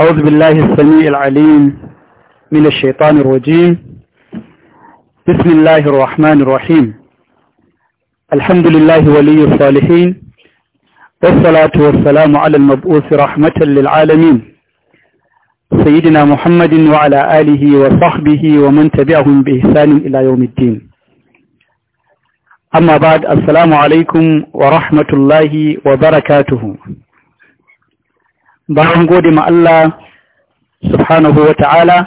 أعوذ بالله السميع العليم من الشيطان الرجيم بسم الله الرحمن الرحيم الحمد لله ولي الصالحين والصلاة والسلام على المبعوث رحمة للعالمين سيدنا محمد وعلى آله وصحبه ومن تبعهم بإحسان إلى يوم الدين أما بعد السلام عليكم ورحمة الله وبركاته bayan gode ma Allah subhanahu wa ta'ala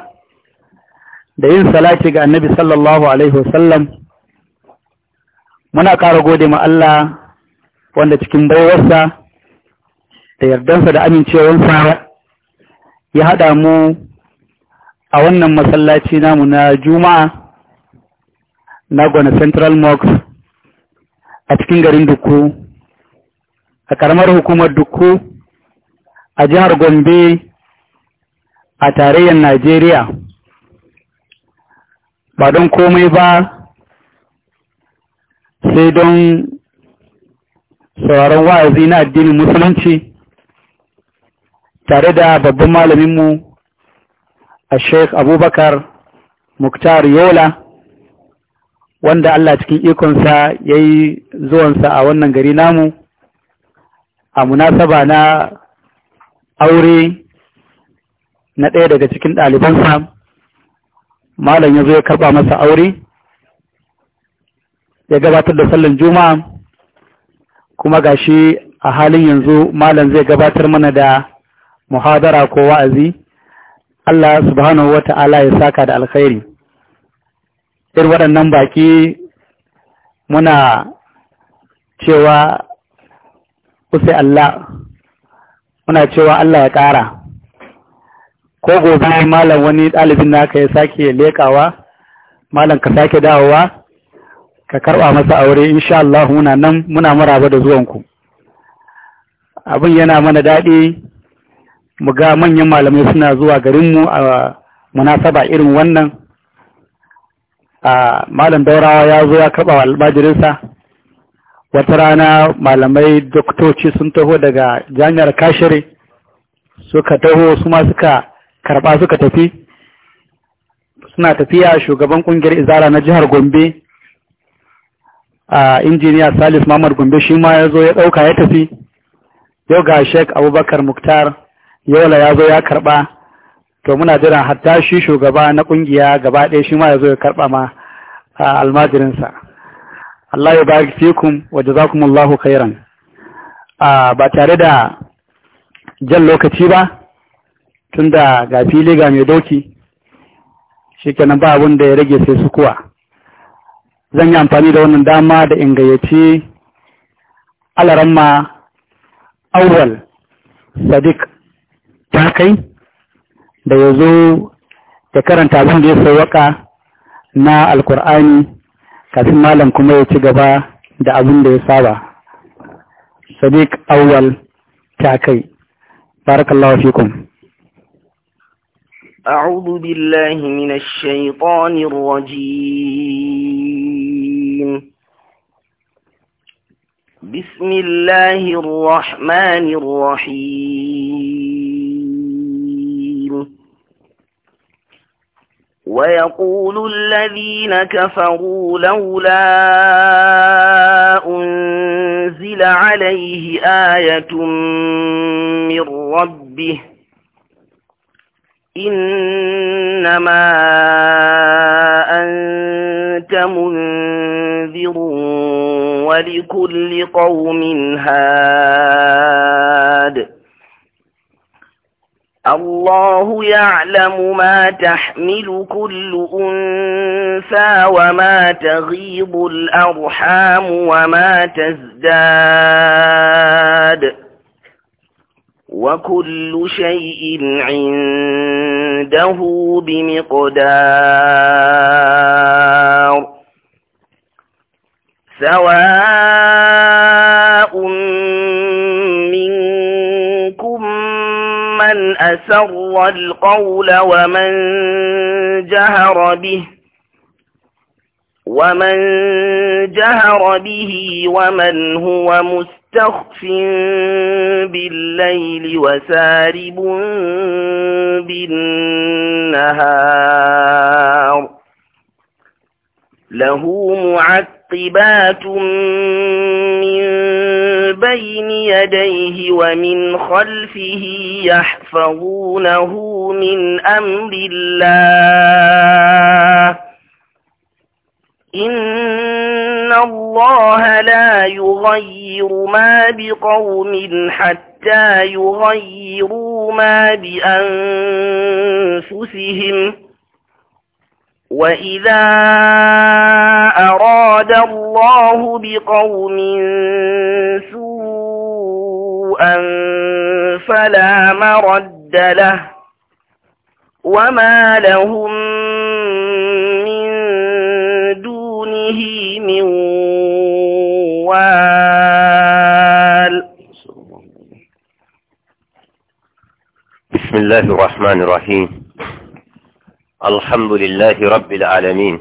da yin salati ga annabi sallallahu Alaihi wasallam muna ƙara gode ma Allah wanda cikin baiwarsa da yardansa da amincewarsa ya haɗa mu a wannan masallaci namu na juma'a na gwana central mox a cikin garin duku a ƙaramar hukumar duku a jihar Gombe a tarayyar Najeriya ba don komai ba sai don sauraron wa'azi na addinin musulunci tare da babban malaminmu a sheikh abubakar muktar yola wanda Allah cikin ikonsa ya yi zuwansa a wannan gari namu a munasaba na aure na ɗaya daga cikin ɗalibansa malam ya zo ya karɓa masa aure ya gabatar da sallan juma'a kuma gashi a halin yanzu malam zai gabatar mana da muhadara ko wa'azi Allah subhanahu ta'ala ya saka da alkhairi ir waɗannan baƙi muna cewa usai Allah muna cewa Allah ya ƙara ko gobe malam wani ɗalibin naka ya sake leƙawa malam ka sake dawowa ka karɓa masa aure insha Allah muna nan muna maraba da zuwanku abin yana mana daɗi mu ga manyan malamai suna zuwa garinmu a munasaba irin wannan a malam daurawa ya zo ya karɓa albajirinsa wata rana malamai doktoci sun taho daga jami'ar kashire suka taho su ma suka karɓa suka tafi suna tafiya shugaban ƙungiyar izara na jihar gombe a injiniya salis mamar gombe shi ma ya zo ya ɗauka ya tafi yau ga shek abubakar muktar yola ya zo ya karɓa to muna jiran, hatta shi shugaba na ƙungiya gaba ɗaya shi ma ya zo ya karɓa ma almajirinsa Allah ya barik za wa jazakumullahu khairan a ba tare da jan lokaci ba tunda ga fili ga mai doki shikenan ba abin da ya rage sai su kuwa zan yi amfani da wannan dama da ingayyaci alaramma awwal sadiq ta kai da ya zo da karanta abin da ya sauwaka na alkur'ani kafin malam kuma ya ci gaba da abin da ya saba sadiq awwal takai kai barakallahu fikum أعوذ بالله من الشيطان الرجيم بسم الله الرحمن ويقول الذين كفروا لولا أنزل عليه آية من ربه إنما أنت منذر ولكل قوم هاد الله يعلم ما تحمل كل أنثى وما تغيض الأرحام وما تزداد وكل شيء عنده بمقدار سواء من أسر القول ومن جهر به ومن جهر به ومن هو مستخف بالليل وسارب بالنهار له معقبات من بين يديه ومن خلفه يحفظونه من أمر الله إن الله لا يغير ما بقوم حتى يغيروا ما بأنفسهم وَإِذَا أَرَادَ اللَّهُ بِقَوْمٍ سُوءًا فَلَا مَرَدَّ لَهُ وَمَا لَهُم مِّن دُونِهِ مِن وَالٍ بسم الله الرحمن الرحيم الحمد لله رب العالمين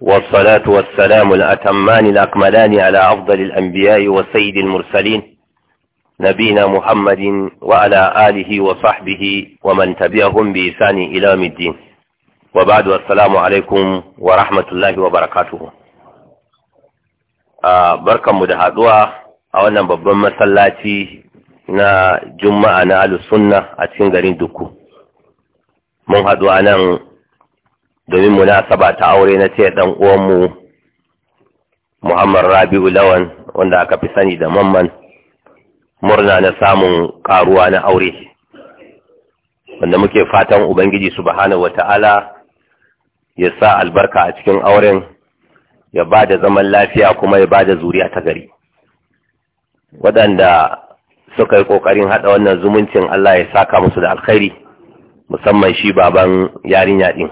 والصلاة والسلام الأتمان الأكملان على أفضل الأنبياء وسيد المرسلين نبينا محمد وعلى آله وصحبه ومن تبعهم بإسان إلى الدين وبعد السلام عليكم ورحمة الله وبركاته آه، بركة مدهدوة a wannan babban na juma'a na alusunna a cikin garin duku mun haɗu a nan domin munasaba ta aure na ce ɗan uwanmu Muhammad Rabi'u Lawan wanda aka fi sani da Mamman murna na samun ƙaruwa na aure wanda muke fatan Ubangiji subhanahu wata'ala ya sa albarka a cikin auren ya ba da zaman lafiya kuma ya ba da zuriya ta gari waɗanda suka yi ƙoƙarin haɗa wannan zumuncin Allah ya saka musu da alkhairi musamman shi baban yarinya din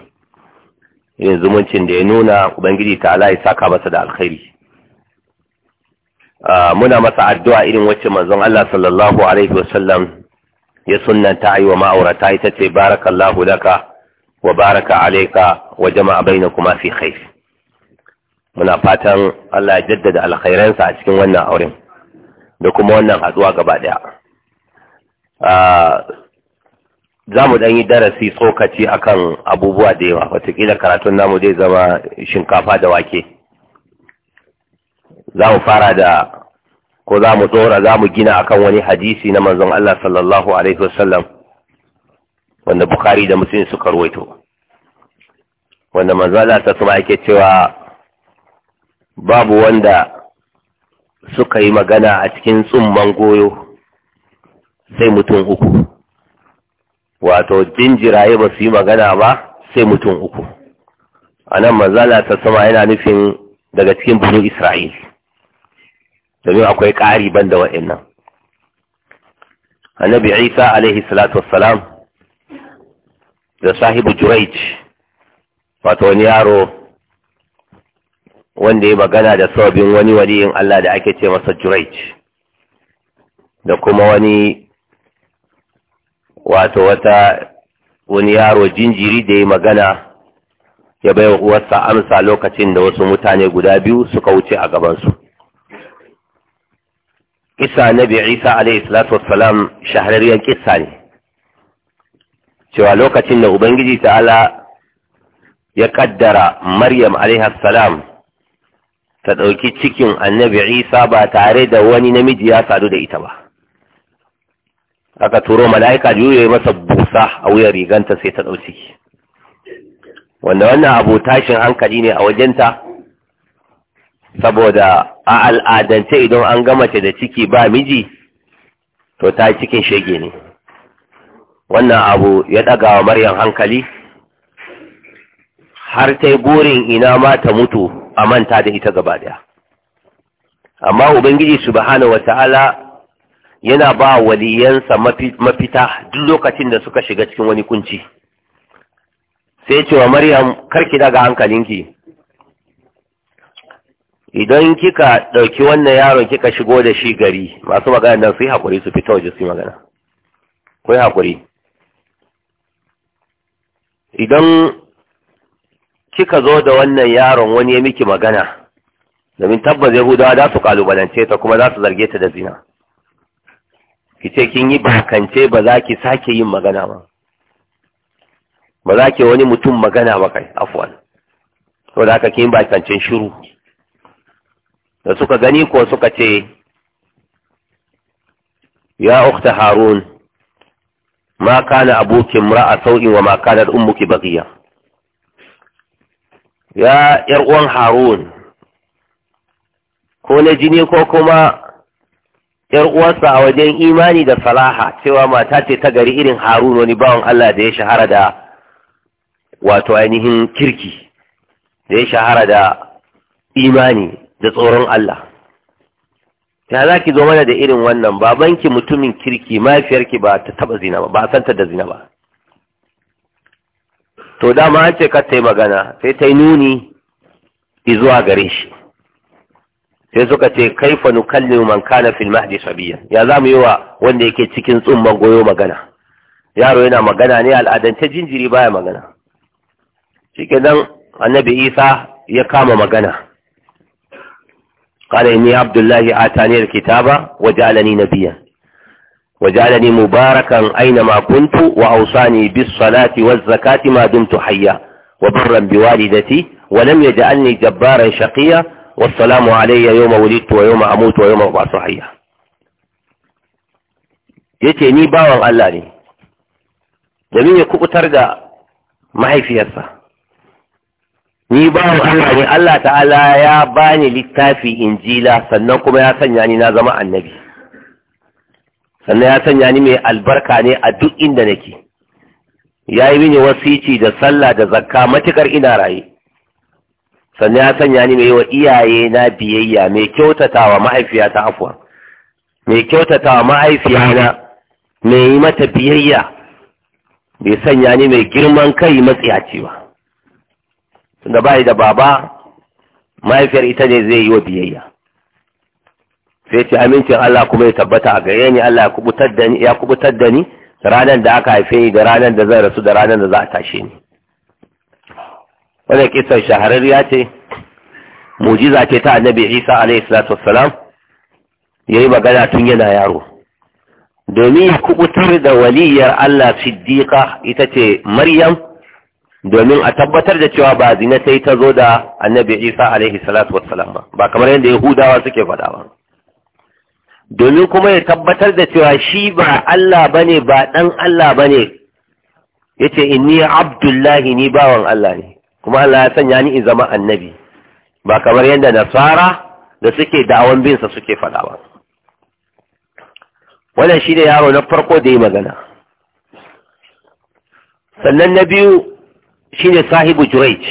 irin zumuncin da ya nuna ubangiji ta ala ya saka masa da alkhairi ah, muna masa addu'a irin wacce manzon Allah sallallahu alaihi wasallam ya sunnanta ayi wa ma'aurata ita ce barakallahu laka wa baraka alayka wa jama'a kuma fi khair muna fatan Allah ya jaddada alkhairansa a cikin wannan auren da kuma wannan haduwa gaba daya ah, za mu ɗan yi darasi tsokaci akan abubuwa da yawa watakila karatun namu zai zama shinkafa da wake za mu fara da ko za mu tsora za mu gina akan wani hadisi na manzon Allah sallallahu alaihi wasallam wanda Bukhari da Muslim suka ruwaito wanda manzon Allah ta kuma yake cewa babu wanda suka yi magana a cikin tsumman goyo sai mutum uku wato jinjiraye ba su yi magana ba sai mutum uku a nan manzala ta sama yana nufin daga cikin bulu isra'il domin akwai ƙari ban da wa'annan annabi isa alaihi salatu wassalam da sahibu juraic wato wani yaro wanda ya magana da sababin wani waliyin allah da ake ce masa juraic da kuma wani wato wata wani yaro jinjiri da ya magana ya bai wasa amsa lokacin da wasu mutane guda biyu suka wuce a gabansu Isa nabi isa alaihi salatu wassalam shahararriyar kisa ne cewa lokacin da ubangiji ta'ala ya kaddara maryam alaihi salam ta ɗauki cikin annabi isa ba tare da wani namiji ya sadu da ita ba aka turo mala'ika juye masa busa a wuyan riganta sai ta ɗauki wanda wannan abu tashin hankali ne a wajenta saboda a al'adance idan an gama ce da ciki ba miji to ta cikin shege ne wannan abu ya ɗaga wa maryam hankali har ta yi burin ina ma ta mutu a manta da ita gaba ɗaya amma ubangiji subhanahu wata'ala yana ba waliyansa mafita duk lokacin da suka shiga cikin wani kunci sai cewa maryam karki daga hankalinki idan kika ɗauki wannan yaron kika shigo da shi gari masu magana nan su yi haƙuri su fita waje su yi magana ku yi haƙuri idan kika zo da wannan yaron wani ya miki magana domin tabbas yahudawa za su kalubalance ta kuma za su zarge ta da zina ki ce kin yi bakance ba za ki sake yin magana ba ba za ki wani mutum magana ba kai afuwan ko da aka kin bakancen shiru da suka gani ko suka ce ya ukhta harun ma kana abuki imra'a sau'in wa ma kanat ummuki baghiya ya yar uwan harun ko na jini ko kuma yar uwarsa a wajen imani da salaha cewa mata ce ta gari irin harun wani bawan Allah da ya shahara da wato ainihin kirki da ya shahara da imani da tsoron Allah ya za ki zo mana da irin wannan babanki mutumin kirki mahaifiyarki ba ta taba zina ba ba santa da zina ba to dama an ce ka ta yi magana sai ta yi nuni zuwa gare shi sai suka ce kaifa nukallimu man kana fil mahdi sabiya ya zamu yi wa wanda yake cikin tsumman goyo magana yaro yana magana ne al'adance jinjiri baya magana shikenan annabi isa ya kama magana قال إني عبد الله آتاني الكتاب وجعلني نبيا وجعلني مباركا أينما كنت وأوصاني بالصلاة والزكاة ما دمت حيا وبرا بوالدتي ولم يجعلني جبارا شقيا والسلام علي يوم ولدت ويوم أموت ويوم أبعث حيا yace ni bawan Allah ne domin ya kubutar da mahaifiyarsa ni bawan Allah ne Allah ta'ala ya bani littafi injila sannan kuma ya sanya ni na zama annabi sannan ya sanya ni mai albarka ne a duk inda nake ya yi mini wasici da sallah da zakka matukar ina raye sannan ya sanya ni mai wa iyaye na biyayya mai kyautatawa mahaifiya ta afuwa mai kyautatawa mahaifiya na mai yi mata biyayya bai sanya ni mai girman kai matsiyaci ba tunda bai da baba mahaifiyar ita ne zai yi wa biyayya sai ce amincin Allah kuma ya tabbata a gare ni Allah ya kubutar da ni ranar da aka haife ni da ranar da zan rasu da ranar da za a tashe ni wadda kisan shahararriya ce mujiza ce ta annabi isa alaihi salatu wassalam ya yi magana tun yana yaro domin ya kubutar da waliyar allah siddiqa ita ce maryam domin a tabbatar da cewa ba zina sai ta zo da annabi isa alaihi salatu wassalam ba ba kamar yadda yahudawa suke faɗa ba domin kuma ya tabbatar da cewa shi ba allah ne, ba ɗan allah bane yace inni abdullahi ni bawan allah ne kuma Allah ya sanya ni in zama annabi ba kamar yadda nasara da suke da'awan bin suke faɗa ba wannan ne yaro na farko da yi magana sannan na biyu shine sahibu juraic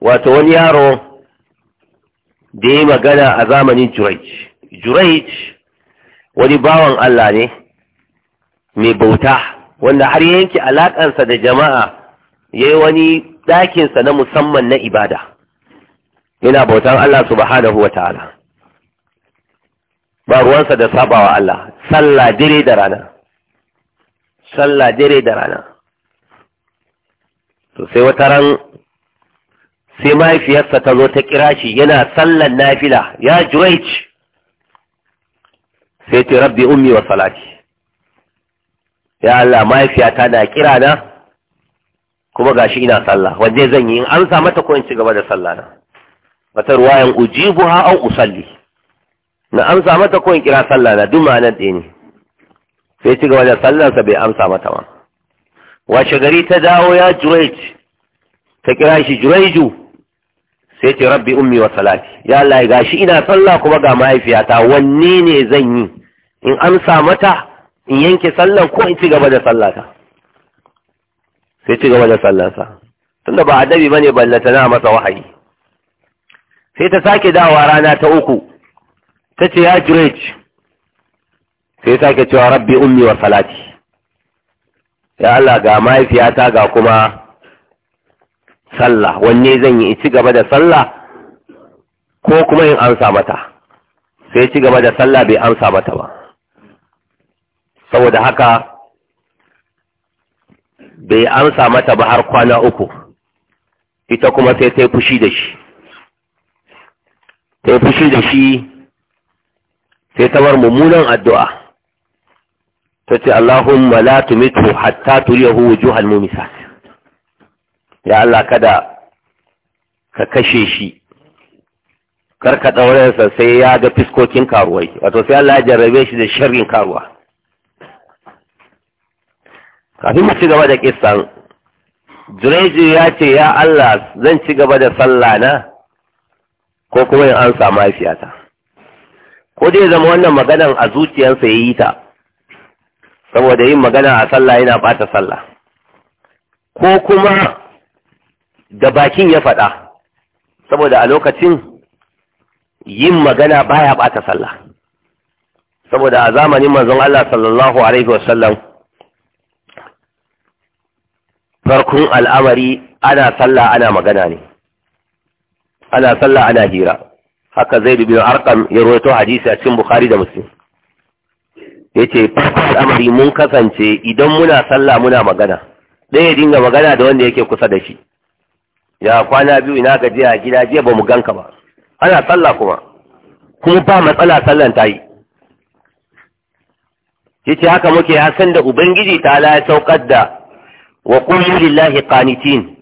wato wani yaro da yi magana a zamanin juraic juraic wani bawan Allah ne mai bauta wanda har yanke alakansa da jama'a yayi wani ɗakinsa na musamman na ibada yana bautan Allah subhanahu ta'ala. ba ruwansa da sabawa Allah sallah dare da rana sallah dare da rana to sai wata ran sai mahaifiyarsa ta zo ta kira shi yana sallar nafila ya juwaic sai ta rabbi ummi wa salati ya Allah mahaifiyata na kira na kuma gashi ina sallah wanne zan yi in amsa mata ko in ci gaba da sallah na wata ruwayan ha aw usalli na amsa mata ko in kira sallah na duk ma'anar ɗaya ne sai ci gaba da sallarsa bai amsa mata ba washe gari ta dawo ya jurej ta kira shi jureju sai ce rabbi ummi wa salati ya Allah gashi ina sallah kuma ga mahaifiyata wanne ne zan yi in amsa mata in yanke sallah ko in ci gaba da ta sai ci gaba da sallansa tunda ba adabi bane ballata na masa wahayi sai ta sake dawa rana ta uku ta ce ya jurej sai sake cewa rabbi ummi wa salati ya Allah ga mahaifiyata ga kuma sallah wanne zan yi ci gaba da sallah ko kuma in amsa mata sai ci gaba da sallah bai amsa mata ba saboda haka bai amsa mata ba har kwana uku ita kuma sai ta fushi da shi ta fushi da shi sai ta bar mummunan addu'a ta ce Allahumma la tumitu hatta turiyahu wujuhal mumisa ya Allah kada ka kashe shi karka ɗaurensa sai ya ga fiskokin karuwai wato sai Allah ya jarrabe shi da sharrin karuwa kafin mu ci gaba da kisan jureji ya ce ya Allah zan ci gaba da sallah na ko kuma in an samu ko dai zama wannan maganan a zuciyarsa ya yi ta saboda yin magana a sallah yana bata sallah ko kuma da bakin ya faɗa saboda a lokacin yin magana baya bata sallah saboda a zamanin manzon Allah sallallahu alaihi wasallam farkon al'amari ana sallah ana magana ne ana sallah ana hira haka zai bin arkan ya roto hadisi a cikin bukhari da muslim farkon al'amari mun kasance idan muna sallah muna magana ɗaya ya dinga magana da wanda yake kusa da shi ya kwana biyu ina gajiya a gida jiya ba mu ganka ba ana sallah kuma kuma ba matsala sallan ta yi yace haka muke san da ubangiji ta la ya saukar da wa qulu lillahi qanitin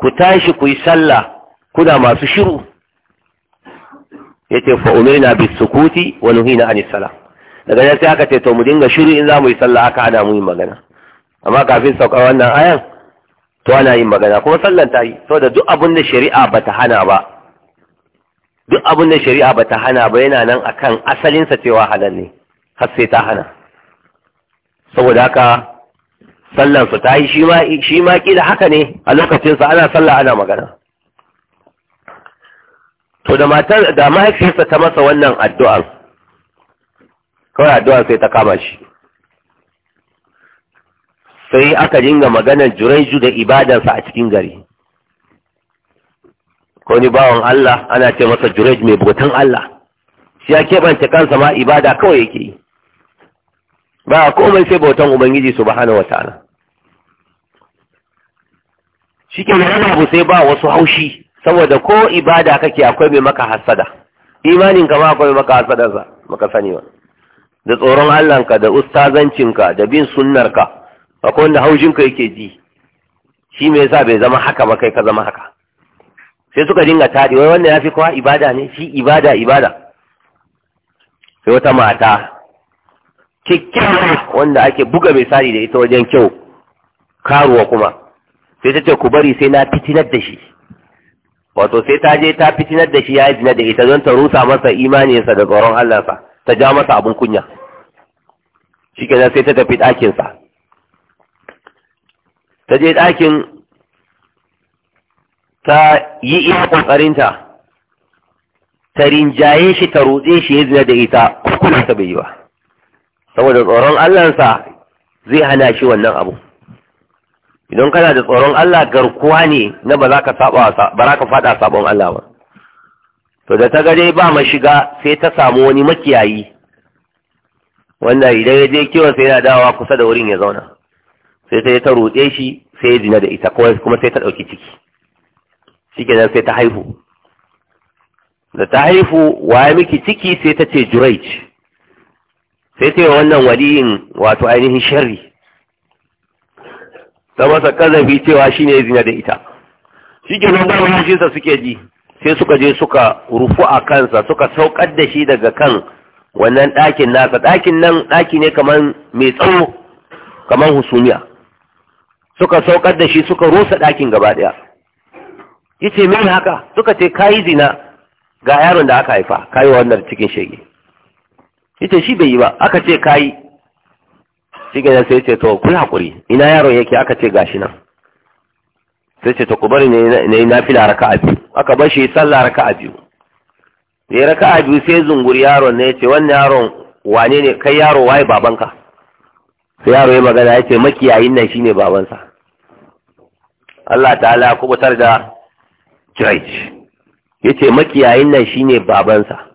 ku tashi ku yi sallah kuna masu shiru yace fa umirna bis sukuti wa nuhina anis salah daga nan sai aka ce to mu dinga shiru in zamu mu yi sallah aka ana mu yin magana amma kafin sauka wannan ayan to ana yin magana kuma sallan ta yi saboda duk abin da shari'a bata hana ba duk abin da shari'a bata hana ba yana nan akan asalin sa cewa halal ne har sai ta hana saboda haka sallan su ta yi shi ma shi kila haka ne a lokacin ana sallah ana magana to da matar da mahaifiyarsa ta masa wannan addu'ar kawai addu'ar sai ta kama shi sai aka dinga maganar juraiju da ibadarsa a cikin gari ko ni bawan Allah ana ce masa juraiju mai bautan Allah shi ya keɓance kansa ma ibada kawai yake yi ba komai sai bautan ubangiji su subhanahu shi ke ne abu sai ba wasu haushi saboda ko ibada kake akwai mai maka hasada imanin ka ma akwai maka hasada maka sani wa da tsoron allanka, da ustazancinka da bin sunnarka akwai wanda haushinka yake ji shi me yasa bai zama haka ba kai ka zama haka sai suka dinga tadi wai wannan fi kowa ibada ne shi ibada ibada sai wata mata kikkiawa wanda ake buga misali da ita wajen kyau karuwa kuma sai ta ce ku bari sai na fitinar da shi wato sai ta je ta fitinar da shi ya yi da ita don ta rusa masa imaninsa da tsoron Allahnsa ta ja masa abin kunya shi kenan sai ta tafi ɗakinsa ta je ɗakin ta yi iya ƙoƙarinta ta rinjaye shi ta rutse shi ya zina da ita kuma ta bai yi ba saboda tsoron Allahnsa zai hana shi wannan abu idan kana da tsoron Allah garkuwa ne na ba za ka saba ba za ka fada sabon Allah ba to da ta dai ba shiga, sai ta samu wani makiyayi wanda idan ya je kiwon sai yana dawowa kusa da wurin ya zauna sai sai ta roƙe shi sai ya jina da ita kuma sai ta ɗauki ciki nan sai ta haihu da ta haihu waye miki ciki sai ta ce juraic sai ce wannan waliyin wato ainihin sharri ta masa kazafi cewa shi ne zina da ita shi ke nan damar sa suke ji sai suka je suka rufu a kansa suka saukar da shi daga kan wannan ɗakin nasa ɗakin nan ɗaki ne kamar mai tsawo kamar husumiya suka saukar da shi suka rusa ɗakin gaba ɗaya ita min haka suka ce kayi zina ga yaron da aka haifa kayi wannan cikin shege yace shi bai yi ba aka ce kayi shi ga sai ce to kula hakuri ina yaron yake aka ce gashi nan sai ce to ku bari ne yi raka a biyu aka bar shi sallah a biyu raka a biyu sai zunguri yaron ne ce wannan yaron wane ne kai yaro waye babanka sai yaro ya magana ya ce makiyayin nan shine babansa Allah ta'ala kubutar da Juraj ya ce makiyayin nan shine babansa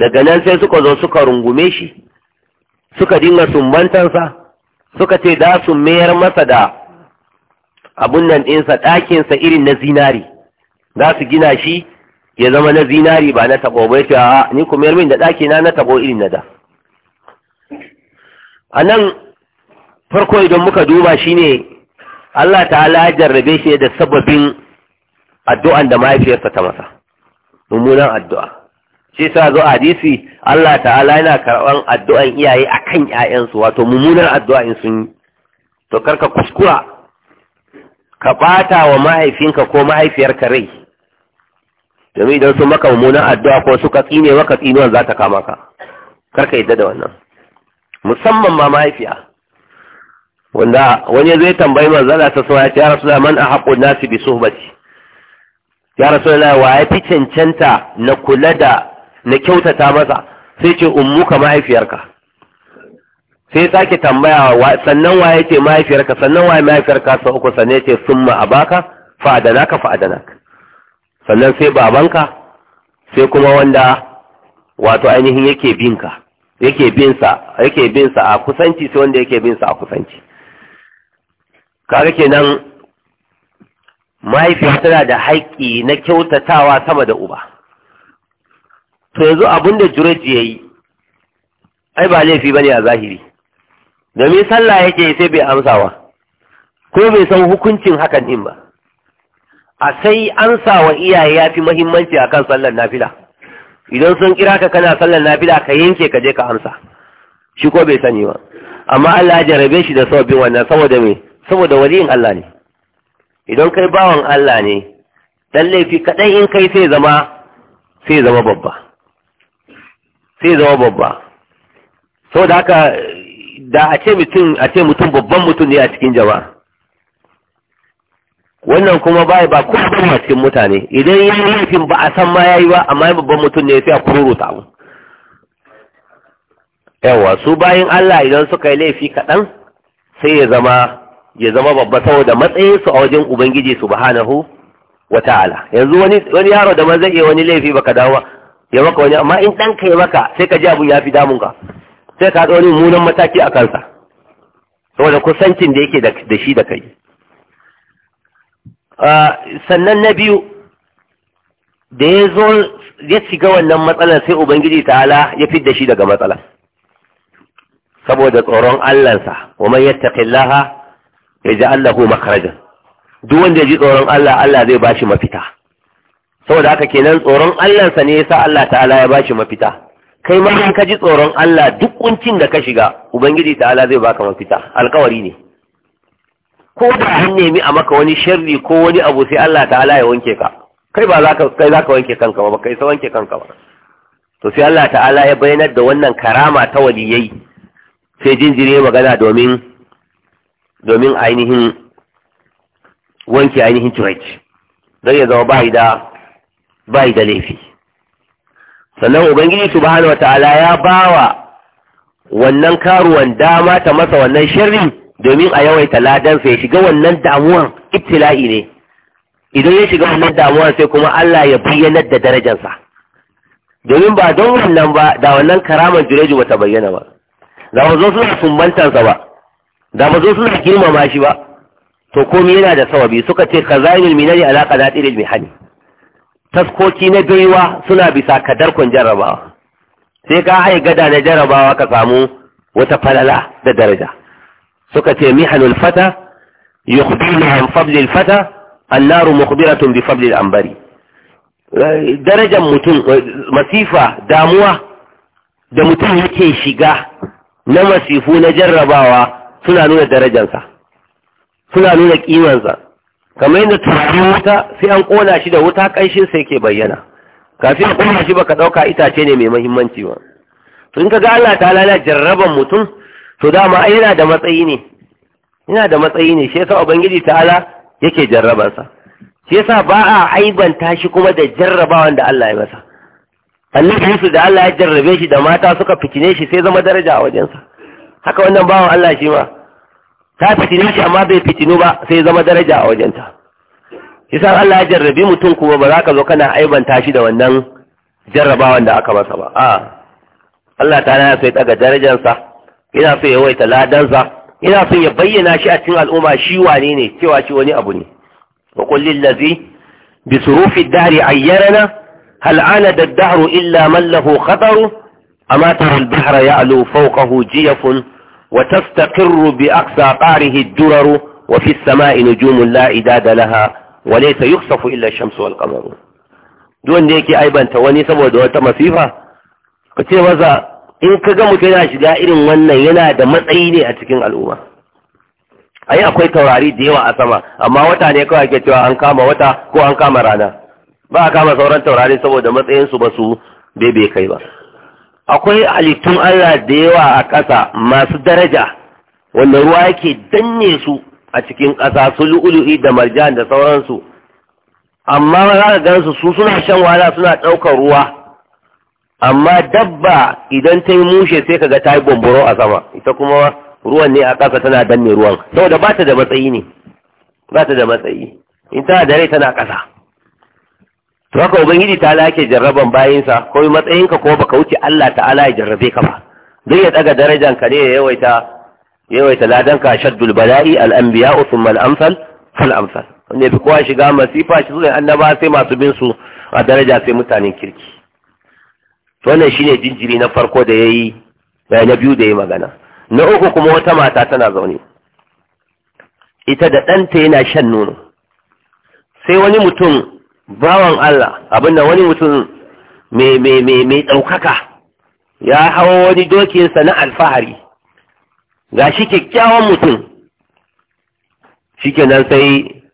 daga nan sai suka zo suka rungume shi suka dinga sumbantansa suka ce da su mayar masa da abun nan ɗinsa ɗakinsa irin na zinari za su gina shi ya zama na zinari ba na taɓo bai ce a ni ku mayar min da ɗakina na taɓo irin na da a nan farko idan muka duba shi ne Allah ta'ala ya jarrabe shi da sababin addu'an da mahaifiyarsa ta masa mummunan addu'a shi sa zo hadisi Allah ta'ala yana karɓar addu'an iyaye akan ƴaƴansu wato mummunan addu'a in sun yi to karka kuskura ka ɓata wa mahaifinka ko mahaifiyarka rai domin idan sun maka mummunan addu'a ko suka tsine maka tsinuwan za ta kama ka karka yadda da wannan musamman ma mahaifiya wanda wani zai tambayi manzala ta sama ya ce ya rasu da man a haƙo nasi bi suhbati ya rasu da wa ya fi cancanta na kula da na kyautata masa sai ce ummuka mahaifiyarka sai sake tambaya sannan waye ce mahaifiyarka sannan waye mahaifiyarka sau uku sannan ce summa abaka fa'adanaka fa'adanaka sannan sai babanka sai kuma wanda wato ainihin yake binka yake binsa yake binsa a kusanci sai wanda yake binsa a kusanci kaga kenan mahaifiya tana da haƙƙi na kyautatawa sama da uba to yanzu abin da jurej ya yi ai ba laifi ba ne a zahiri domin sallah yake sai bai amsawa ko bai san hukuncin hakan din ba a sai amsawa iyaye ya fi mahimmanci akan sallar nafila idan sun kira ka kana sallar nafila ka yanke ka je ka amsa shi ko bai sani ba amma Allah ya jarabe shi da sabbin wannan saboda me saboda waliyin Allah ne idan kai bawan Allah ne dan laifi kadai in kai sai zama sai zama babba sai zama babba saboda haka da a ce mutum a ce mutum babban mutum ne a cikin jama'a wannan kuma ba ba kuma a cikin mutane idan ya yi laifin ba a san ma ya yi ba amma ya babban mutum ne sai a kururuta mu yawa su bayan Allah idan suka yi laifi kaɗan sai ya zama ya zama babba saboda matsayin su a wajen ubangiji subhanahu wa ta'ala yanzu wani yaro da man zai iya wani laifi baka dawo ba ya maka wani amma in ɗanka ya maka sai ka ji abun ya fi damunka sai ka wani munan mataki a kansa saboda kusancin da yake da shi da kai ah, sannan na biyu da ya zo ya shiga wannan matsalar sai ubangiji ta hala ya fi da shi daga matsalar saboda tsoron allansa wa man ya ji allahu makhrajan duk wanda ya ji tsoron Allah Allah zai bashi mafita saboda haka kenan tsoron Allah sa ne yasa Allah ta'ala ya bashi mafita kai ma ka ji tsoron Allah duk kuncin da ka shiga ubangiji ta'ala zai baka mafita alkawari ne ko da an nemi a maka wani sharri ko wani abu sai Allah ta'ala ya wanke ka kai ba zaka kai zaka wanke kanka ba kai sai wanke kanka ba to sai Allah ta'ala ya bayyana da wannan karama ta waliyai sai jinjire magana domin domin ainihin wanke ainihin cuwaici zai ya zama ba da bai da laifi sannan ubangiji subhanahu wataala ya bawa wannan karuwan dama ta masa wannan sharri domin a yawaita ladansa ya shiga wannan damuwan ibtila'i ne idan ya shiga wannan damuwan sai kuma Allah ya bayyanar da darajarsa domin ba don wannan ba da wannan karaman jureji bata bayyana ba da ba zo suna sumbantansa ba da ba zo suna girmama shi ba to komai yana da sawabi suka ce kazanil minani ala qadati al-mihani taskoki na baiwa suna bisa kadarkon jarrabawa sai ka haye gada na jarrabawa ka samu wata falala da daraja suka ce mihanul fata yukhbirna an fadlil fata annaru mukhbiratun bi fadlil ambari darajar mutum masifa damuwa da mutum yake shiga na masifu na jarrabawa suna nuna darajarsa suna nuna kimansa kamar yadda turaren wuta sai an kona shi da wuta kanshin sai ke bayyana kafin a shi baka ɗauka itace ne mai muhimmanci ba to in kaga Allah ta lalata jarraban mutum to dama ai yana da matsayi ne yana da matsayi ne shi yasa ubangiji ta'ala yake jarraban sa shi yasa ba a aibanta shi kuma da jarrabawan da Allah ya masa annabi Yusuf da Allah ya jarrabe shi da mata suka fitine shi sai zama daraja a wajensa haka wannan bawan Allah shi ma ta fitine shi amma bai fitinu ba sai zama daraja a wajenta yasa Allah ya jarrabi mutum kuma ba za ka zo kana aibanta shi da wannan jarrabawan da aka masa ba a Allah ta na sai daga darajar sa yana so ya waita ladan sa yana so ya bayyana shi a cikin al'umma shi wane ne cewa shi wani abu ne wa qul lil ladhi bi surufi dari ayyarana hal ana ad-dahru illa man lahu khataru أما ترى البحر يعلو فوقه جيف وتستقر بأقصى قعره الدرر وفي السماء نجوم لا إداد لها وليس يخصف إلا الشمس والقمر دون ديكي أيضا تواني سبوة دوات مصيفة قتل وزا إن كجمت يناش دائر ونن ينا دمتعيني أتكين الأمة ai akwai taurari da yawa a sama amma wata ne kawai ake cewa an kama wata ko an kama rana ba a kama sauran taurari saboda matsayinsu ba su bai bai kai ba akwai halittun Allah da yawa a ƙasa masu daraja wanda ruwa yake danne su a cikin ƙasa su lu'ulu'i da marjan da sauransu amma za ka gansu su suna shan wahala suna ɗaukar ruwa amma dabba idan ta yi mushe sai ka ga ta yi bomboro a sama ita kuma ruwan ne a ƙasa tana danne ruwan saboda ba ta da matsayi ne ba ta da matsayi in tana da rai tana ƙasa to haka ubangiji ta lake jarraban bayinsa ko matsayinka ko baka wuce Allah ta'ala ya jarrabe ka ba zai ya daga darajan ka ne ya yawaita yawaita ladanka shaddul bala'i al anbiya thumma al amsal fal amsal wanda bi kowa shiga masifa shi zuwa annaba sai masu bin su a daraja sai mutanen kirki to wannan shine jinjiri na farko da yayi na biyu da yayi magana na uku kuma wata mata tana zaune ita da ɗanta yana shan nono sai wani mutum bawan Allah abinda wani mutum mai ɗaukaka ya hawa wani dokinsa na alfahari ga shi kyakkyawan mutum shi nan sai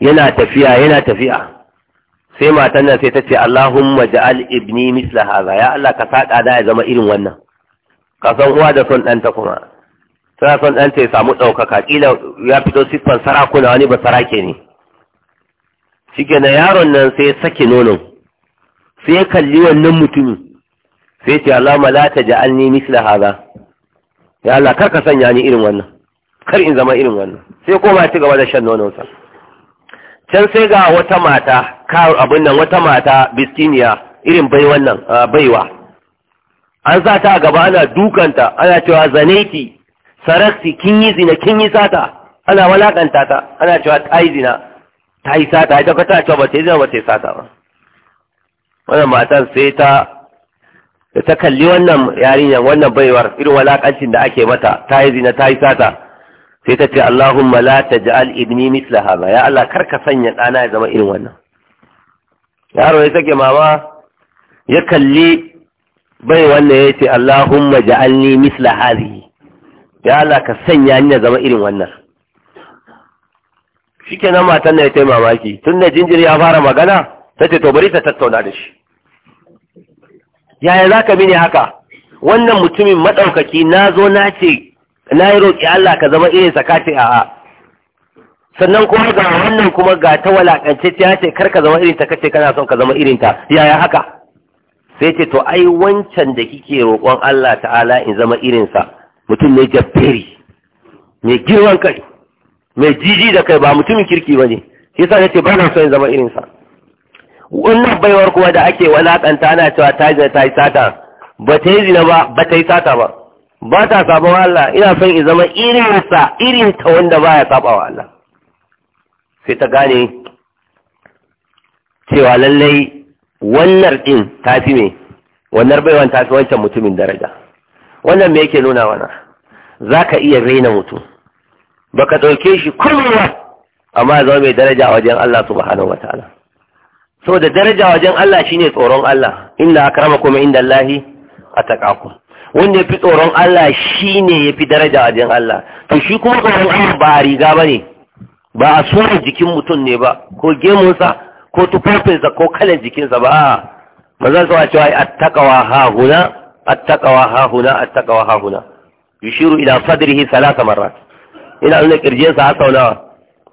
yana tafiya yana tafiya sai matan nan sai ta ce Allahumma ja'al ibni misla haza ya Allah ka saƙa da ya zama irin wannan ka san uwa da son ɗanta kuma tana son ɗanta ya samu ɗaukaka ƙila ya fito siffan sarakuna wani ba sarake ne shike na yaron nan sai sake nonon sai kalli wannan mutumin sai ce alama la ta ja'alni misla haza ya Allah kar ka sanya ni irin wannan kar in zama irin wannan sai koma ci gaba da shan nononsa can sai ga wata mata ka abin nan wata mata biskiniya irin bai wannan baiwa an sa ta gaba ana dukanta ana cewa zaneti, sarakti kin yi zina kin yi sata ana walakanta ta ana cewa ta yi zina ta yi sata ita ta cewa ba ta yi zama ba ta yi sata ba wannan matan sai ta da ta kalli wannan yarinyar wannan baiwar irin walakancin da ake mata ta yi zina ta yi sata sai ta ce Allahumma la taj'al ibni misla hada ya Allah kar ka sanya ɗana ya zama irin wannan yaro ya sake mama ya kalli bai wannan ya ce Allahumma ja'alni misla hadhihi ya Allah ka sanya ni ya zama irin wannan shikenan matan na ta mamaki tun da jinjiri ya fara magana ta ce to bari ta tattauna da shi yaya za ka mini haka wannan mutumin maɗaukaki na zo na ce na yi roƙi Allah ka zama irin sakati a a sannan kuma ga wannan kuma ga ta walakance ta ce kar ka zama irin ta kace kana son ka zama irin ta yaya haka sai ce to ai wancan da kike roƙon Allah ta'ala in zama irinsa mutum ne jabberi ne girman kai mai jiji da kai ba mutumin kirki ba ne ne ce ba na so in zama irinsa wannan baiwar kuma da ake walakanta na cewa ta yi ta yi sata ba ta yi zina ba ba ta yi sata ba ba ta saba wa Allah ina son in zama irinsa irin ta wanda ba ya saba wa Allah sai ta gane cewa lallai wannan din ta fi me wannan baiwan ta fi wancan mutumin daraja wannan me yake nuna mana ka iya raina mutum baka ɗauke shi kullum amma ya zama mai daraja a wajen Allah subhanahu wataala da daraja a wajen Allah shine tsoron Allah inda inna kuma inda Allahi ataqakum wanda yafi tsoron Allah shi shine yafi daraja a wajen Allah to shi kuma tsoron Allah ba riga bane ba a sunan jikin mutum ne ba ko gemunsa ko tufafinsa ko kalan jikinsa ba manzon sa cewa attaqwa ha huna attaqwa ha huna attaqwa ha huna yushiru ila sadrihi thalath marrat ina nuna kirjinsa har sau nawa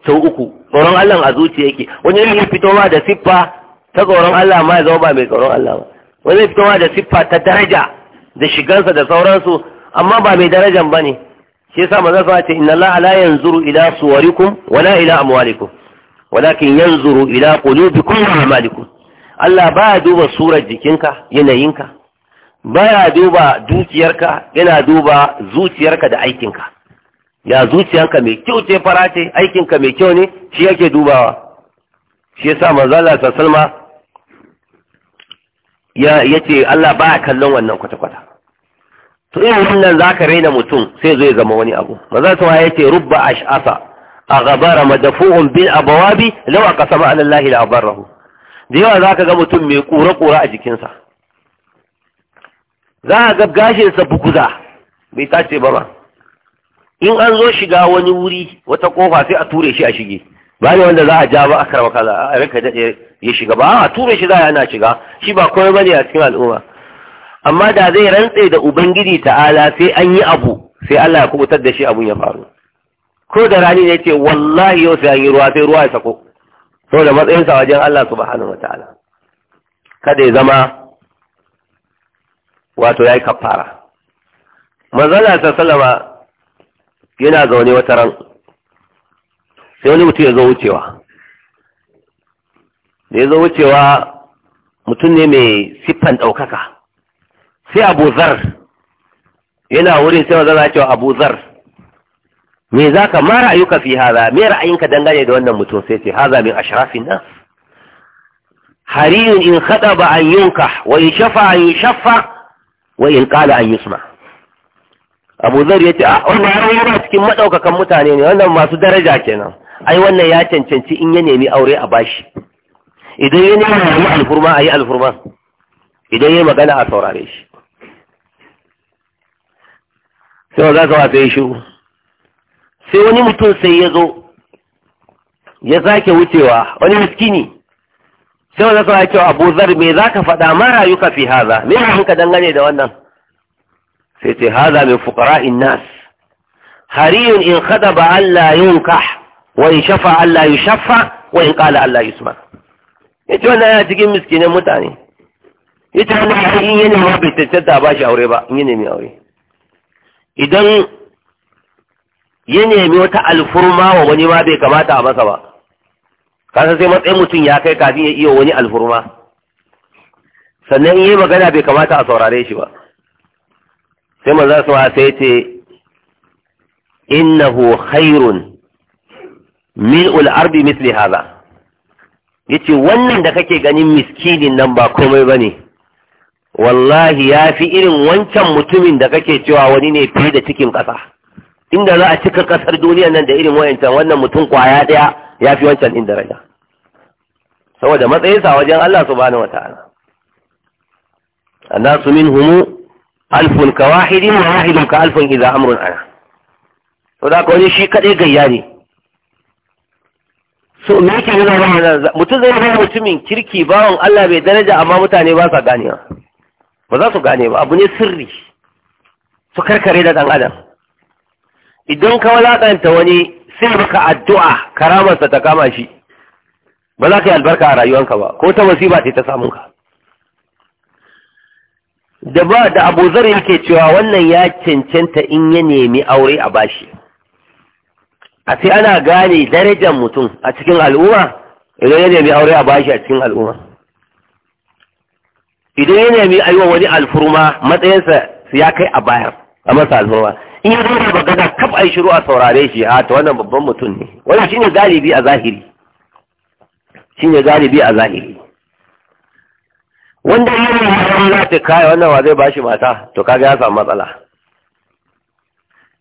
sau uku tsoron Allah a zuciya yake wani ne fito ma da siffa ta tsoron Allah ma ya zama ba mai tsoron Allah ba wani zai fito ma da siffa ta daraja da shigansa da sauransu amma ba mai darajan ba ne shi yasa maza sa ce inna Allah la yanzuru ila suwarikum wala ila amwalikum walakin yanzuru ila qulubikum wa a'malikum Allah ba ya duba surar jikinka yanayinka ba ya duba dukiyarka yana duba zuciyarka da aikinka ya zuciyanka mai kyau ce fara ce aikinka mai kyau ne shi yake dubawa shi yasa manzo Allah ya yace Allah baya kallon wannan kwata kwata to irin wannan zaka raina mutum sai zai zama wani abu manzo ta yace rubba ash'asa aghbara madfu'un bil abawabi law aqsama ala Allah la abarahu da yawa zaka ga mutum mai kura kura a jikinsa za ka ga gashin sa bukuza bai tace ba ba in an zo shiga wani wuri wata kofa sai a ture shi a shige ba ne wanda za a ja ba a karba kaza a rinka daɗe ya shiga ba a ture shi za a yana shiga shi ba ba bane a cikin al'umma amma da zai rantse da ubangiji ta'ala sai an yi abu sai Allah ya kubutar da shi abun ya faru ko da rani ne ce wallahi yau sai an yi ruwa sai ruwa ya sako saboda matsayinsa wajen Allah subhanahu ta'ala. kada ya zama wato ya yi kafara manzala ta salama yana zaune wata ran sai wani mutum ya zo wucewa da ya zo wucewa mutum ne mai siffan ɗaukaka sai abu zar yana wurin sai wanzan cewa abu zar me za ka mara ayyuka fi haza me ra'ayinka dangane da wannan mutum sai ce haza min ashrafin nas hariyun in haɗa ba an yunka wa in shafa an yi shafa wa in ƙala an yusma abu zar ya ce a ah, wannan yaro yana cikin maɗaukakan mutane ne wannan masu daraja kenan ai wannan ya cancanci in ya nemi aure a bashi idan ya nemi yi alfurma a yi alfurma idan ya magana a saurare shi sai za ka wata ya shiru sai wani mutum sai ya zo ya sake wucewa wani miskini sai wanda ka ya ce abu zar me za ka faɗa ma rayuka fi haza me hanka dangane da wannan sai ce haza min nas hariyun in khadaba Allah yunkah wa in shafa Allah yushaffa wa in qala Allah yusma yace wannan cikin miskinan mutane yace wannan in yana ma bai tantance ba shi aure ba in mai aure idan ya nemi wata alfurma wa wani ma bai kamata a masa ba kasa sai matsayin mutum ya kai kafin ya iya wani alfurma sannan yi magana bai kamata a saurare shi ba sai manzo wa sai ce innahu khairun mil'ul ardi misli hadha yace wannan da kake ganin miskinin nan ba komai bane wallahi ya fi irin wancan mutumin da kake cewa wani ne fiye da cikin ƙasa inda za a cika ƙasar duniya nan da irin wayancan wannan mutum kwaya ɗaya ya fi wancan ɗin daraja saboda matsayinsa wajen Allah subhanahu wataala annasu minhumu alfun ka wahidi ma wahidun ka alfun idza amrun ana to da kawai shi kadai gayya ne so me yake nuna ba mutum zai ba mutumin kirki bawan Allah bai daraja amma mutane ba sa ganewa ba za su gane ba abu ne sirri su karkare da dan adam idan ka walakanta wani sai maka addu'a karamarsa ta kama shi ba za ka yi albarka a rayuwanka ba ko ta wasiba ce ta ka. da ba da abu zar yake cewa wannan ya cancanta in ya nemi aure a bashi a sai ana gane darajar mutum a cikin al'umma idan ya nemi aure a bashi a cikin al'umma idan ya nemi aiwa wani alfurma matsayinsa ya kai a bayar a masa alfurma in ya zama da magana kaf yi shiru a saurare shi a ta wannan babban mutum ne Wani shine galibi a zahiri shine galibi a zahiri wanda yi yana haram za ta kai wannan wa zai bashi mata to kaga ya samu matsala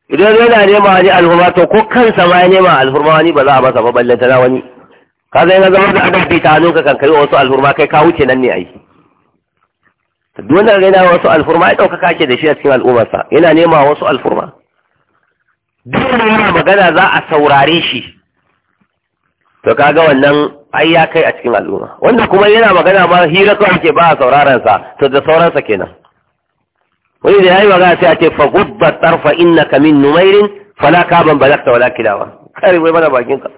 idan yana nema wani alhurma to ko kansa ma ya nema alhurma wani ba za a masa ba balle ta wani ka zai na zama da adabi ta hannunka kan kai wasu alhurma kai ka wuce nan ne ai duk wanda na wasu alhurma ya ɗaukaka ke da shi a cikin al'ummarsa yana nema wasu alhurma duk wanda yana magana za a saurare shi to kaga wannan ai ya kai a cikin al'umma wanda kuma yana magana ma hira kawai ake ba a sauraron sa to da sauransa kenan wani da yayi magana sai a ce fa gubba tarfa innaka min numairin fala kaban balakta wala kilawa kare wai mana bakin ka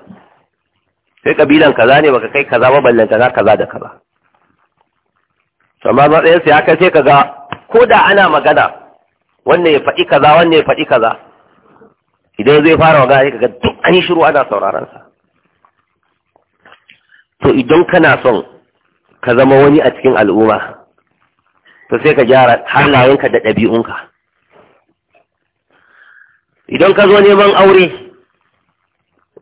sai kabilan kaza ne baka kai kaza ba ballan kaza kaza da kaza to amma ba sai kai sai kaga ko da ana magana wannan ya faɗi kaza wannan ya faɗi kaza idan zai fara magana sai kaga duk an yi shiru ana sauraron sa to idan kana son ka zama wani a cikin al'umma to sai ka gyara halayenka da ɗabi'unka idan ka zo neman aure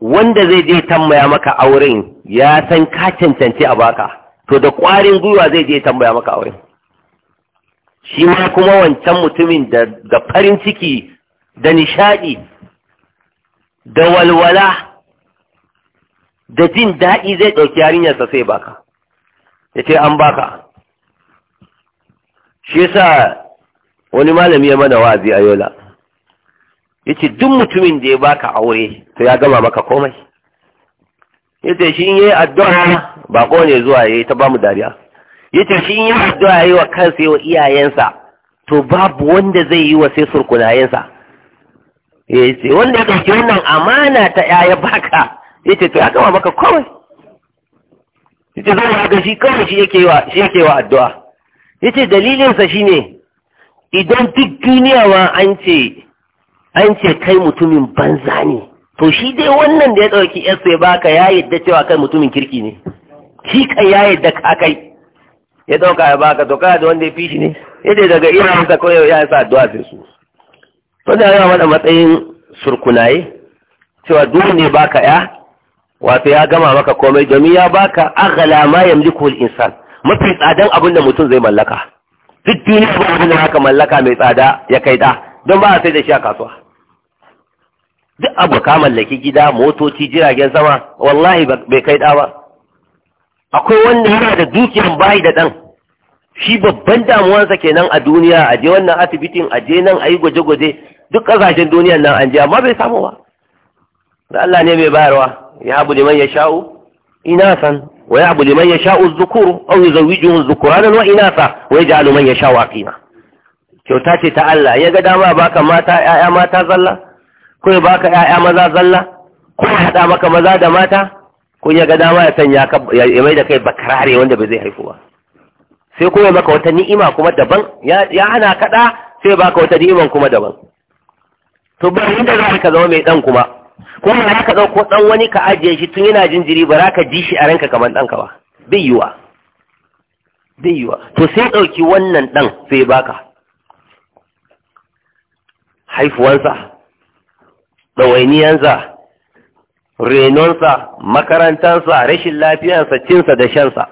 wanda zai je tambaya maka auren ya san ka cancanci a baka to da ƙwarin gwiwa zai je tambaya maka auren shi ma kuma wancan mutumin da farin ciki da nishaɗi da walwala da jin daɗi zai ɗauki yarinyarsa sai baka ya ce an baka shi yasa wani malami ya mana wazi a yola ya ce duk mutumin da ya baka aure to ya gama maka komai ya ce shi yi addu'a ba ne zuwa ya yi ta bamu dariya ya ce shi yi addu'a ya yi wa kansa wa iyayensa to babu wanda zai yi wa sai surkunayensa ya ce wanda ya ɗauki wannan amana ta ‘ya'ya baka ya ce to ya gama maka kawai ya ce zai haka shi kawai shi yake wa addu'a ya ce dalilinsa shi ne idan duk duniya ma an ce an ce kai mutumin banza ne to shi dai wannan da ya ɗauki yasu ya baka ya yadda cewa kai mutumin kirki ne shi kai ya yadda ka kai ya ɗauka ya baka to kada da wanda ya fi shi ne yadda daga iransa kawai ya sa addu'a sai su to da yawa matsayin surkunaye cewa duk ne baka ya wato ya gama maka komai domin ya baka agala ma yamliku al-insan mafi tsadan abin da mutum zai mallaka duk duniya ba abin da haka mallaka mai tsada ya kai da don ba a sai da shi a kasuwa duk abu ka mallaki gida motoci jiragen sama wallahi bai kai da ba akwai wanda yana da dukiyar bayi da dan shi babban damuwansa kenan a duniya a je wannan asibitin a je nan a yi gwaje-gwaje duk ƙasashen duniyan nan an je amma bai samu ba Allah ne mai bayarwa Ya ya abu abu sha'u? sha'u Wa zukuru لمن يشاء إناثا ويهب لمن يشاء الذكور Wa ya ذكرانا وإناثا manya sha'u a kina? kyauta ce ta Allah ya ga dama baka mata ƴaƴa mata zalla ko ya baka ƴaƴa maza zalla ko ya haɗa maka maza da mata ko ya ga dama ya sanya ka ya mai da kai bakarare wanda bai zai haifu ba sai kuma maka wata ni'ima kuma daban ya hana kaɗa sai baka wata ni'iman kuma daban to ba inda za ka zama mai ɗan kuma ko ba za ka ɗauko ɗan wani ka ajiye shi tun yana jinjiri ba za ka ji shi a ranka kamar ɗanka ba bai yiwa bai yiwa to sai ɗauki wannan ɗan sai baka haifuwansa ɗawainiyansa renonsa makarantansa rashin lafiyansa cinsa da shansa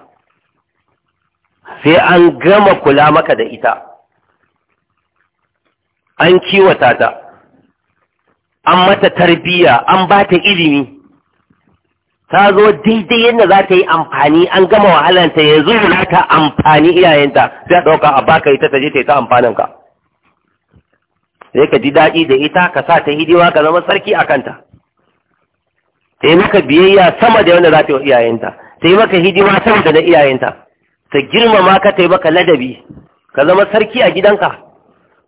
sai an gama kula maka da ita an kiwata ta an mata tarbiyya an ba ta ilimi ta zo daidai yadda za ta yi amfani an gama wahalanta ya zo na ta amfani iyayenta sai a ɗauka a baka ita ta je ta yi ta amfanin ka sai ka ji daɗi da ita ka sa ta hidima ka zama sarki a kanta ta yi maka biyayya sama da yadda za ta yi wa iyayenta ta yi maka hidima sama da na iyayenta ta girmama ka ta yi maka ladabi ka zama sarki a gidanka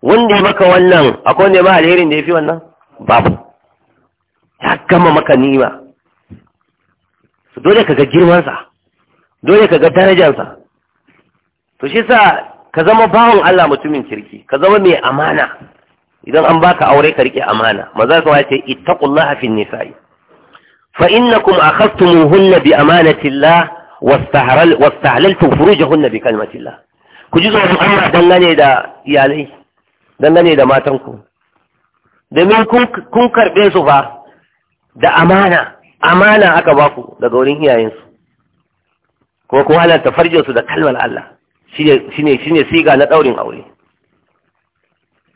wanda ya maka wannan akwai ne ma alherin da ya fi wannan babu ya gama maka ni'ima dole ka ga girmansa dole ka ga darajarsa to shi sa ka zama bawon Allah mutumin kirki ka zama mai amana idan an baka aure ka rike amana maza ka wace ittaqullaha fi nisa'i fa innakum akhadtumuhunna bi amanatillah wastahral wastahlaltum furujahunna bi kalmatillah ku ji tsoron Allah dangane da iyalai dangane da matanku domin kun karɓe su fa da amana amana aka ba ku daga wurin iyayensu ko kuma halarta farjinsu da kalmar Allah shi ne siga na ɗaurin aure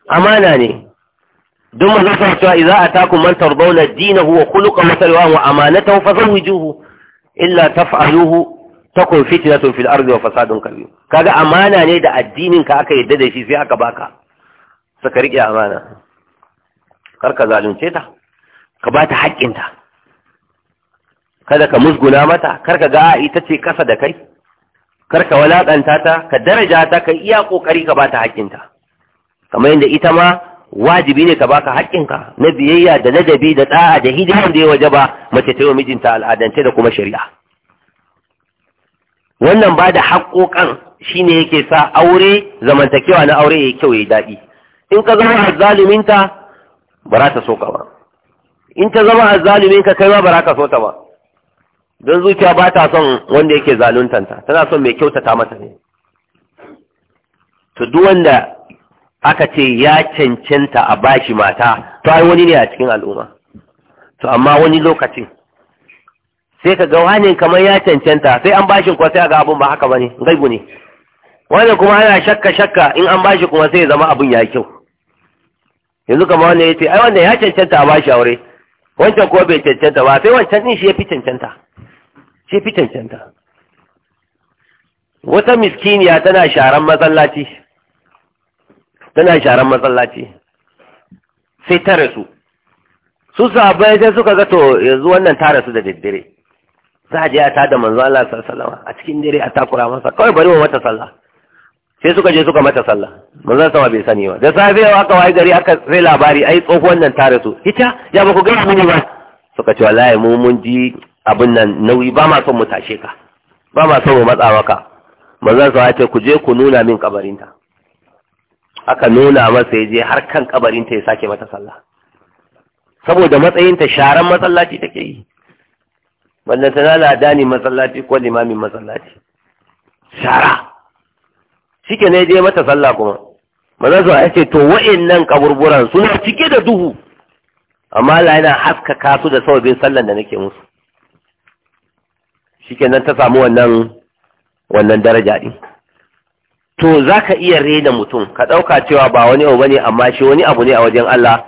amana ne don mu zasa cewa idza atakum man tardawna dinahu wa khuluquhu wa salwahu wa amanatahu fazawwijuhu illa ta kunfi fitnatun fil arzi wa fasadun kalbi. kaga amana ne da addinin ka aka yadda da shi sai aka baka suka riƙe amana karka ka zalunce ta ka ba ta haƙƙinta kada ka musguna mata karka ga ita ce kasa da kai karka ka walaƙanta ta ka daraja ta ka iya ƙoƙari ka ba ta haƙƙinta kamar yadda ita ma wajibi ne ka baka haƙƙinka na biyayya da ladabi da ɗa'a da hidiman da ya waje ba mace ta yi wa mijinta al'adance da kuma shari'a wannan ba da haƙoƙan shi yake sa aure zamantakewa na aure ya kyau ya daɗi in ka zama zaluminta. ba za ta so ka ba in ta zama azzalumin ka kai ma ba za ka so ta ba don zuciya ba ta son wanda yake zaluntanta tana son mai kyautata mata ne to duk wanda aka ce ya cancanta a bashi mata to ai wani ne a cikin al'umma to amma wani lokacin sai ka ga wani kamar ya cancanta sai an bashin kuwa sai ga abun ba haka bane gaibu ne wani kuma ana shakka shakka in an bashi kuma sai ya zama abun ya kyau yanzu kama wanda ya ce ai wanda ya cancanta a ba shi aure wancan ko bai cancanta ba sai wancan din shi ya fi cancanta shi fi cancanta wata miskiniya tana sharan matsalaci, tana sharan matsalaci sai ta rasu su sabai sai suka ga to yanzu wannan ta rasu da daddare za a je a tada manzo Allah sallallahu alaihi wasallam a cikin dare a takura masa kawai bari wa wata sallah sai suka je suka mata sallah manzon sama bai sani ba da safe aka wai gari aka sai labari ai tsohuwan nan tare su ita ya ba ku gaya mini ba suka ce wallahi mu mun ji abin nan nauyi ba ma son mu tashe ka ba ma son mu matsa maka manzon sama ce ku je ku nuna min kabarinta aka nuna masa ya je har kan kabarinta ya sake mata sallah saboda matsayinta sharan masallaci take yi wannan tana dani masallaci ko limamin masallaci shara shike ne je mata sallah kuma manzon zuwa ya ce to wa'annan kaburburan suna cike da duhu amma Allah yana haskaka su da sababin sallan da nake musu shikenan ta samu wannan wannan daraja din to zaka iya rena mutum ka ɗauka cewa ba wani abu bane amma shi wani abu ne a wajen Allah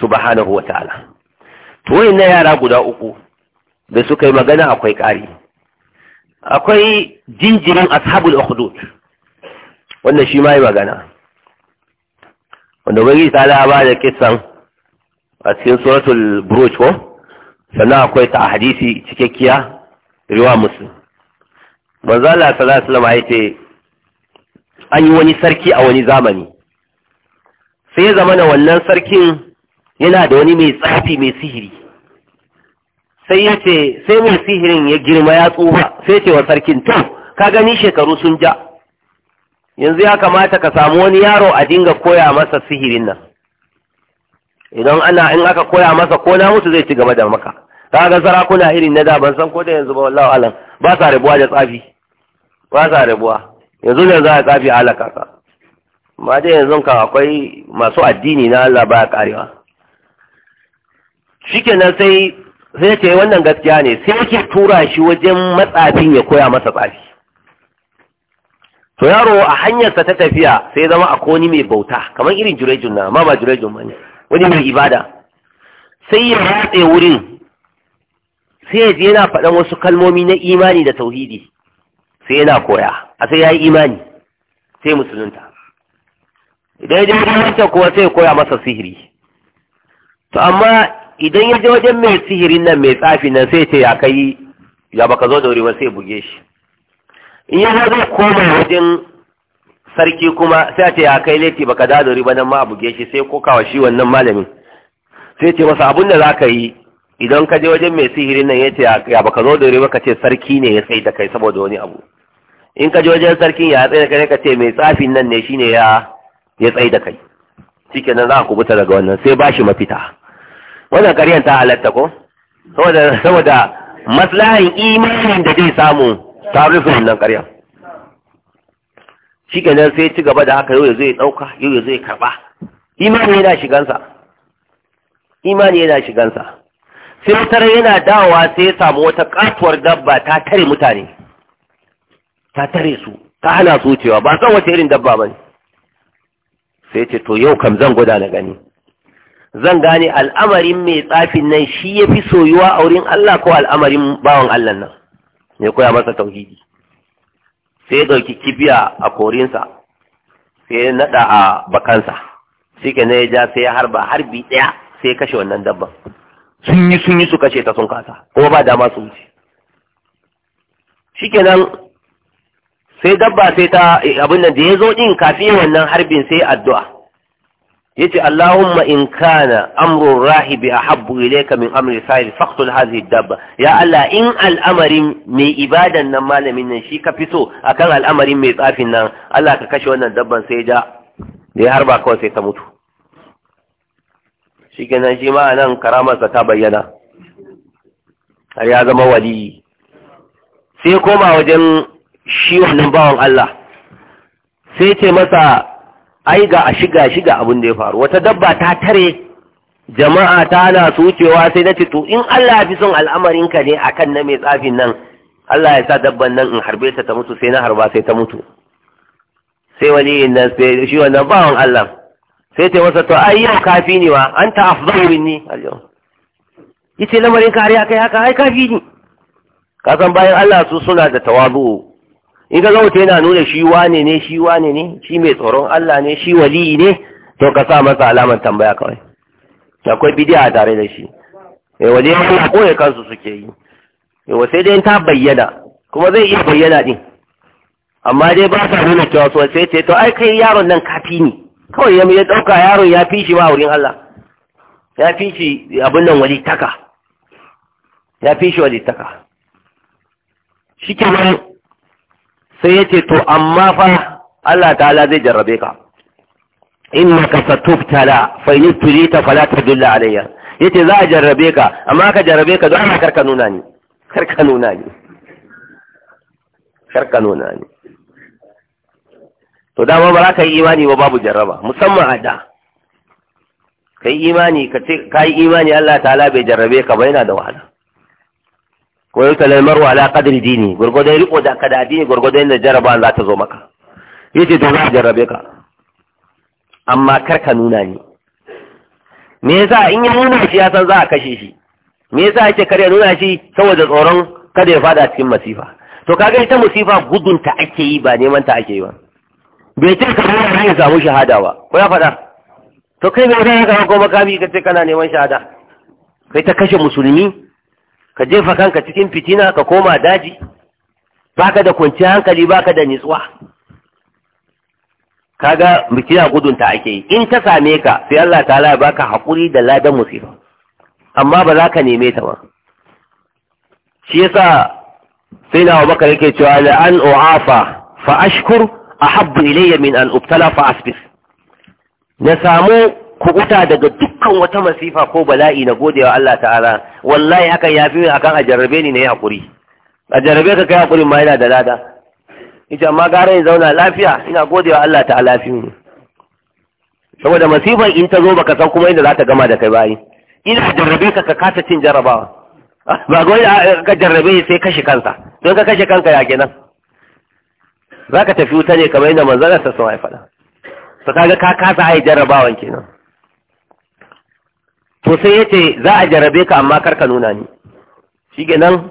subhanahu wataala to wayannan yara guda uku da suka yi magana akwai ƙari akwai jinjirin ashabul ukhdud wannan shi ma yi magana wanda wani tsada ba da kisan a cikin suratul buruj ko sannan akwai ta hadisi cikakkiya riwa musu manzo Allah sallallahu alaihi ya ce an yi wani sarki a wani zamani sai ya zama na wannan sarkin yana da wani mai tsafi mai sihiri sai ya ce sai mai sihirin ya girma ya tsufa sai ce wa sarkin to ka gani shekaru sun ja yanzu ya kamata ka samu wani yaro a dinga koya masa sihirin nan idan ana in aka koya masa ko na mutu zai ci gaba da maka kaga sarakuna irin na da ban san ko da yanzu ba wallahi alam ba sa rabuwa da tsafi ba sa rabuwa yanzu ne za a tsafi alaka ka ma dai yanzu ka akwai masu addini na Allah baya karewa shikenan sai sai ce wannan gaskiya ne sai ke tura shi wajen matsafin ya koya masa tsafi to yaro a hanyarsa ta tafiya sai zama a koni mai bauta kamar irin jurejun na amma ba jurejun mani, wani mai ibada sai ya ratse wurin sai yana faɗan wasu kalmomi na imani da tauhidi sai yana koya a sai ya yi imani sai musulunta idan ya je wancan kuma sai koya masa sihiri to amma idan ya je wajen mai sihirin nan mai tsafi nan sai ce ya kai ya baka zo da wuri ba sai buge shi in ya zo zai koma wajen sarki kuma sai ce ya kai laifi baka da ba nan ma a buge shi sai kokawa shi wannan malamin sai ce masa abin da zaka yi idan ka je wajen mai sihirin nan yace ya baka zo dori riba ka ce sarki ne ya sai da kai saboda wani abu in ka je wajen sarkin ya tsaye da kai ka ce mai tsafin nan ne shine ya ya tsaye da kai shikenan za ka kubuta daga wannan sai ba shi mafita wannan karyan ta halatta ko saboda saboda imanin da zai samu ta rufe wannan ƙarya shi kenan sai ci gaba da haka yau ya zo ɗauka yau ya zo karɓa imani yana shigansa imani yana shigansa sai wutar yana dawowa sai ya samu wata katuwar dabba ta tare mutane ta tare su ta hana su wucewa ba san wace irin dabba ba ne sai ce to yau kam zan gwada na gani zan gane al'amarin mai tsafin nan shi ya fi soyuwa a wurin Allah ko al'amarin bawan Allah nan mai koya masa tauhidi sai ya ɗauki kibiya a korinsa sai ya naɗa a bakansa shi ke ya ja sai ya harba harbi ɗaya sai ya kashe wannan dabban sun yi sun yi su kashe ta sun kasa kuma ba dama su wuce shikenan sai dabba sai ta abin nan da ya zo din kafin wannan harbin sai addu'a yace Allahumma in kana amrun rahibi ahabbu ilayka min amri sahil faqtul hadhihi dabba ya Allah in al'amarin mai ibadan nan malamin nan shi ka fi so akan al'amarin mai tsafin nan Allah ka kashe wannan dabban sai ja da ya harba kawai sai ta mutu shi kenan shi nan karamarsa ta bayyana har ya zama wali. sai koma wajen shi wannan bawan Allah sai ce masa ai ga a shiga shiga abin da ya faru wata dabba ta tare jama'a ta na su sai na ce in Allah ya fi son al'amarin ka ne akan na mai tsafin nan Allah ya sa dabban nan in harbe ta ta mutu sai na harba sai ta mutu sai wani nan sai shi wannan bawan Allah sai ta wasa to ai yau kafi ne wa ta afdalu minni al yace lamarin kariya kai haka ai kafi ne kasan bayan Allah su suna da tawazu in ka zama yana nuna shi wane ne shi wane ne shi mai tsoron Allah ne shi waliyi ne to ka sa masa alamar tambaya kawai akwai bidiya tare da shi eh ya kuma koyar kansu suke yi eh sai dai ta bayyana kuma zai iya bayyana din amma dai ba sa nuna cewa so sai ce to ai kai yaron nan kafi ne kawai ya ya dauka yaron ya fi shi ba wurin Allah ya fi shi abin nan wali taka ya fi shi wali taka shi kenan sai ya ce to amma fa Allah ta'ala zai jarrabe ka in innaka satubtala fa in tulita fala tadulla alayya yace za a jarrabe ka amma ka jarrabe ka don karka nuna ni karka nuna ni karka nuna ni to dama ba za ka yi imani ba babu jarraba musamman a da ka yi imani ka ce ka yi imani Allah ta'ala bai jarrabe ka ba yana da wahala wa lalmar wa ala qadri dini gwargwadon riko da ka da addini gurgurdan da jaraba za ta zo maka yace to za jarrabe ka amma kar ka nuna ni me yasa in ya nuna shi ya san za a kashe shi me yasa yake kar nuna shi saboda tsoron kada ya fada cikin masifa to kaga ita musifa gudun ta ake yi ba neman ta ake yi ba bai ce ka nuna ya samu shahada ba ko ya faɗa to kai bai rai ka ko makami ka ce kana neman shahada kai ta kashe musulmi ka jefa kanka cikin fitina ka koma daji baka da kwanciyar hankali baka da nitsuwa kaga fitina gudunta ake yi in ta same ka sai Allah ta'ala ya baka haƙuri da ladan musifa amma ba za ka neme ta ba shi yasa sai na Abubakar yake cewa la an u'afa fa ashkur ahabbu ilayya min an ubtala fa asbis na samu Ku huta daga dukkan wata masifa ko bala'i na godewa Allah ta'ala wallahi haka yafi min akan a jarrabe ni na yi hakuri a jarrabe ka kai hakuri ma yana da lada ita amma gara in zauna lafiya ina godewa Allah ta'ala fi min saboda masifa in ta zo baka san kuma inda za ta gama da kai bayi ina jarrabe ka ka kasa cin jarrabawa ba gwai ka jarrabe sai kashe kanka don ka kashe kanka ya kenan za ka tafi wuta ne kamar inda manzon sa, sun haifa da Saka kaga ka kasa ai jarrabawan kenan to sai ya ce za a jarabe ka amma kar ka nuna ni shi nan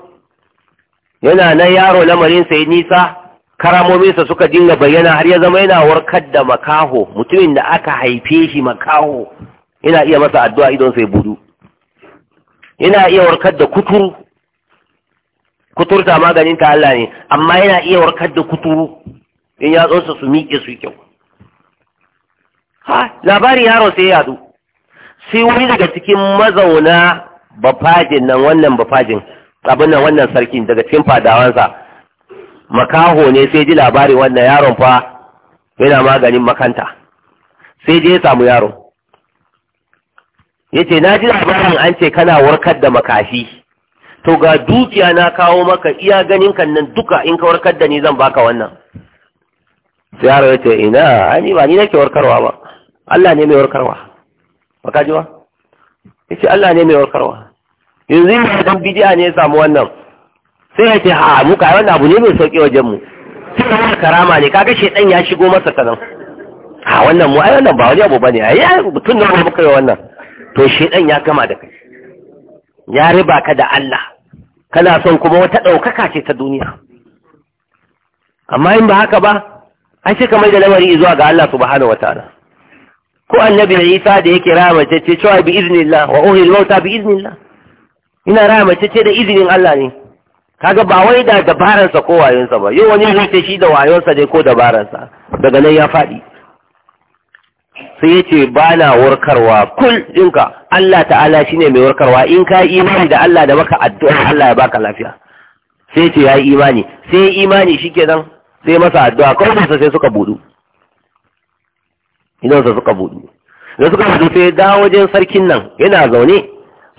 yana nan yaro lamarin sai nisa karamominsa suka dinga bayyana har ya zama yana warkar da makaho mutumin da aka haife shi makaho yana iya masa addu'a idon sai budu yana iya warkar da kuturu kuturta maganin ta Allah ne amma yana iya warkar da kuturu in ya su miƙe su kyau ha labari yaro sai ya yadu sai wani daga cikin mazauna bafajin nan wannan bafajin abin nan wannan sarkin daga cikin fadawansa makaho ne sai ji labarin wannan yaron fa yana maganin makanta sai je ya samu yaron ya ce na ji labarin an ce kana warkar da makafi to ga dukiya na kawo maka iya ganin kan nan duka in ka warkar da ni zan baka wannan sai yaro ya ce ina ani ba ni nake warkarwa ba Allah ne mai warkarwa ba ka ji yace Allah ne mai warkarwa yanzu ina dan bidiya ne ya samu wannan sai ya ce ha mu kai wannan abu ne mai sauki wajen mu sai da wannan karama ne kaga shedan ya shigo masa kazan ha wannan mu ai wannan ba wani abu bane ai mutun nan muka kai wannan to shedan ya gama da kai ya riba ka da Allah kana son kuma wata daukaka ce ta duniya amma in ba haka ba ai sai ka mai da lamari zuwa ga Allah subhanahu wataala ko annabi Isa da yake ramace ce cewa bi iznillah wa uhil mauta bi iznillah ina mace ce da izinin Allah ne kaga ba wai da dabaransa ko wayonsa ba yau wani zai shi da wayonsa dai ko dabaransa daga nan ya faɗi sai yace ba warkarwa kul dinka Allah ta'ala shine mai warkarwa in ka imani da Allah da baka addu'a Allah ya baka lafiya sai yace yayi imani sai imani shikenan sai masa addu'a kawai sai suka budu idan sa suka buɗu da suka buɗu sai da wajen sarkin nan yana zaune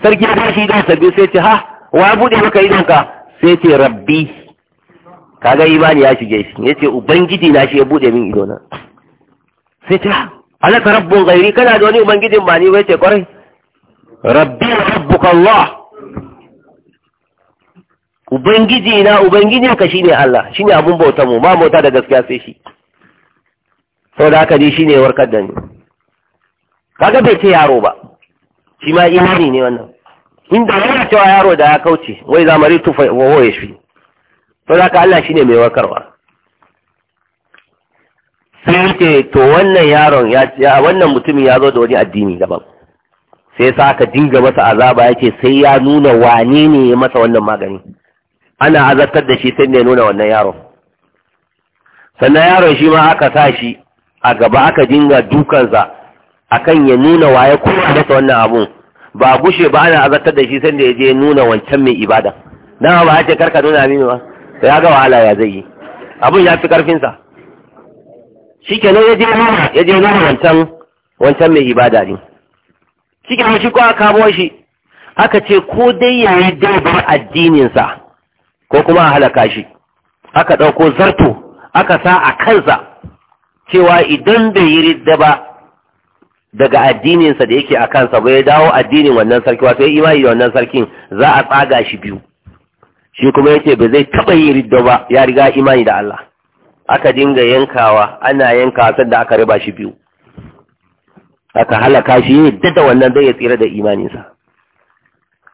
sarki ya tashi da sabbi sai ce ha wa buɗe maka idonka sai ce rabbi kaga imani ya shige shi ce ubangiji na shi ya buɗe min idona sai ce alaka rabbun gairi kana da wani ubangijin ba ni ba yace kwarai rabbi wa rabbuka Allah ubangiji na ka shine Allah shine abun bautar mu ba mota da gaskiya sai shi sau da haka dai shi ne warkar da ni kaga bai ce yaro ba shi ma imani ne wannan inda yana cewa yaro da ya kauce wai zamari tufa wa shi sau da haka Allah shi ne mai warkarwa sai ce to wannan yaron ya wannan mutumin ya zo da wani addini daban sai sa aka dinga masa azaba yake sai ya nuna wane ne ya masa wannan magani ana azartar da shi sai ne nuna wannan yaron sannan yaron shi ma aka sa shi a gaba aka dinga dukansa akan ya nuna waye kuma masa wannan abun ba gushe ba ana azartar da shi sai da ya je nuna wancan mai ibada dan ba ce karka nuna mini ba to ya ga wahala ya zai yi abun ya fi karfin sa shikenan ya je nuna ya je nuna wancan wancan mai ibada ne shikenan shi ko aka kamo shi aka ce ko dai ya yi daidai addinin sa ko kuma a halaka shi aka ɗauko zarto aka sa a kansa cewa idan bai yi ridda ba daga addininsa da yake a kansa bai dawo addinin wannan sarki wato ya imani da wannan sarkin za a tsaga shi biyu shi kuma yake ba zai taba yi ridda ba ya riga imani da Allah aka dinga yankawa ana yankawa sanda aka raba shi biyu aka halaka shi yadda da wannan zai ya tsira da imaninsa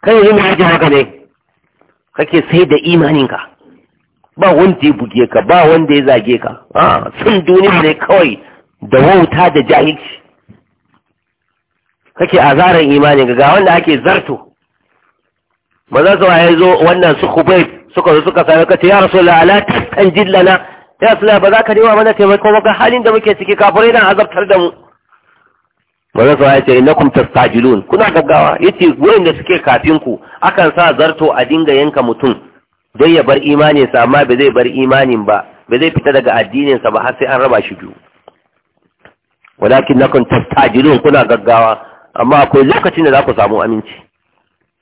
kai yanzu mu haka ne kake sai da imaninka ba wanda ya buge ka ba wanda ya zage ka a ah, sun duniya ne kawai da wauta da jahilci kake azaran imani ga wanda ake zarto Ba maza zuwa ya zo wannan su kubai suka zo suka sami kace ya rasu ala kan jillana ya su ba za ka nema mana taimako maka ga halin da muke ciki kafirai na azabtar da mu Ba maza zuwa ya ce innakum tastajilun kuna gaggawa Ya ce wurin da suke kafin ku akan sa zarto a dinga yanka mutum don ya bar imaninsa amma ba zai bar imanin ba ba zai fita daga addininsa ba har sai an raba shi biyu walakin na kun tastajilun kuna gaggawa amma akwai lokacin da za ku samu aminci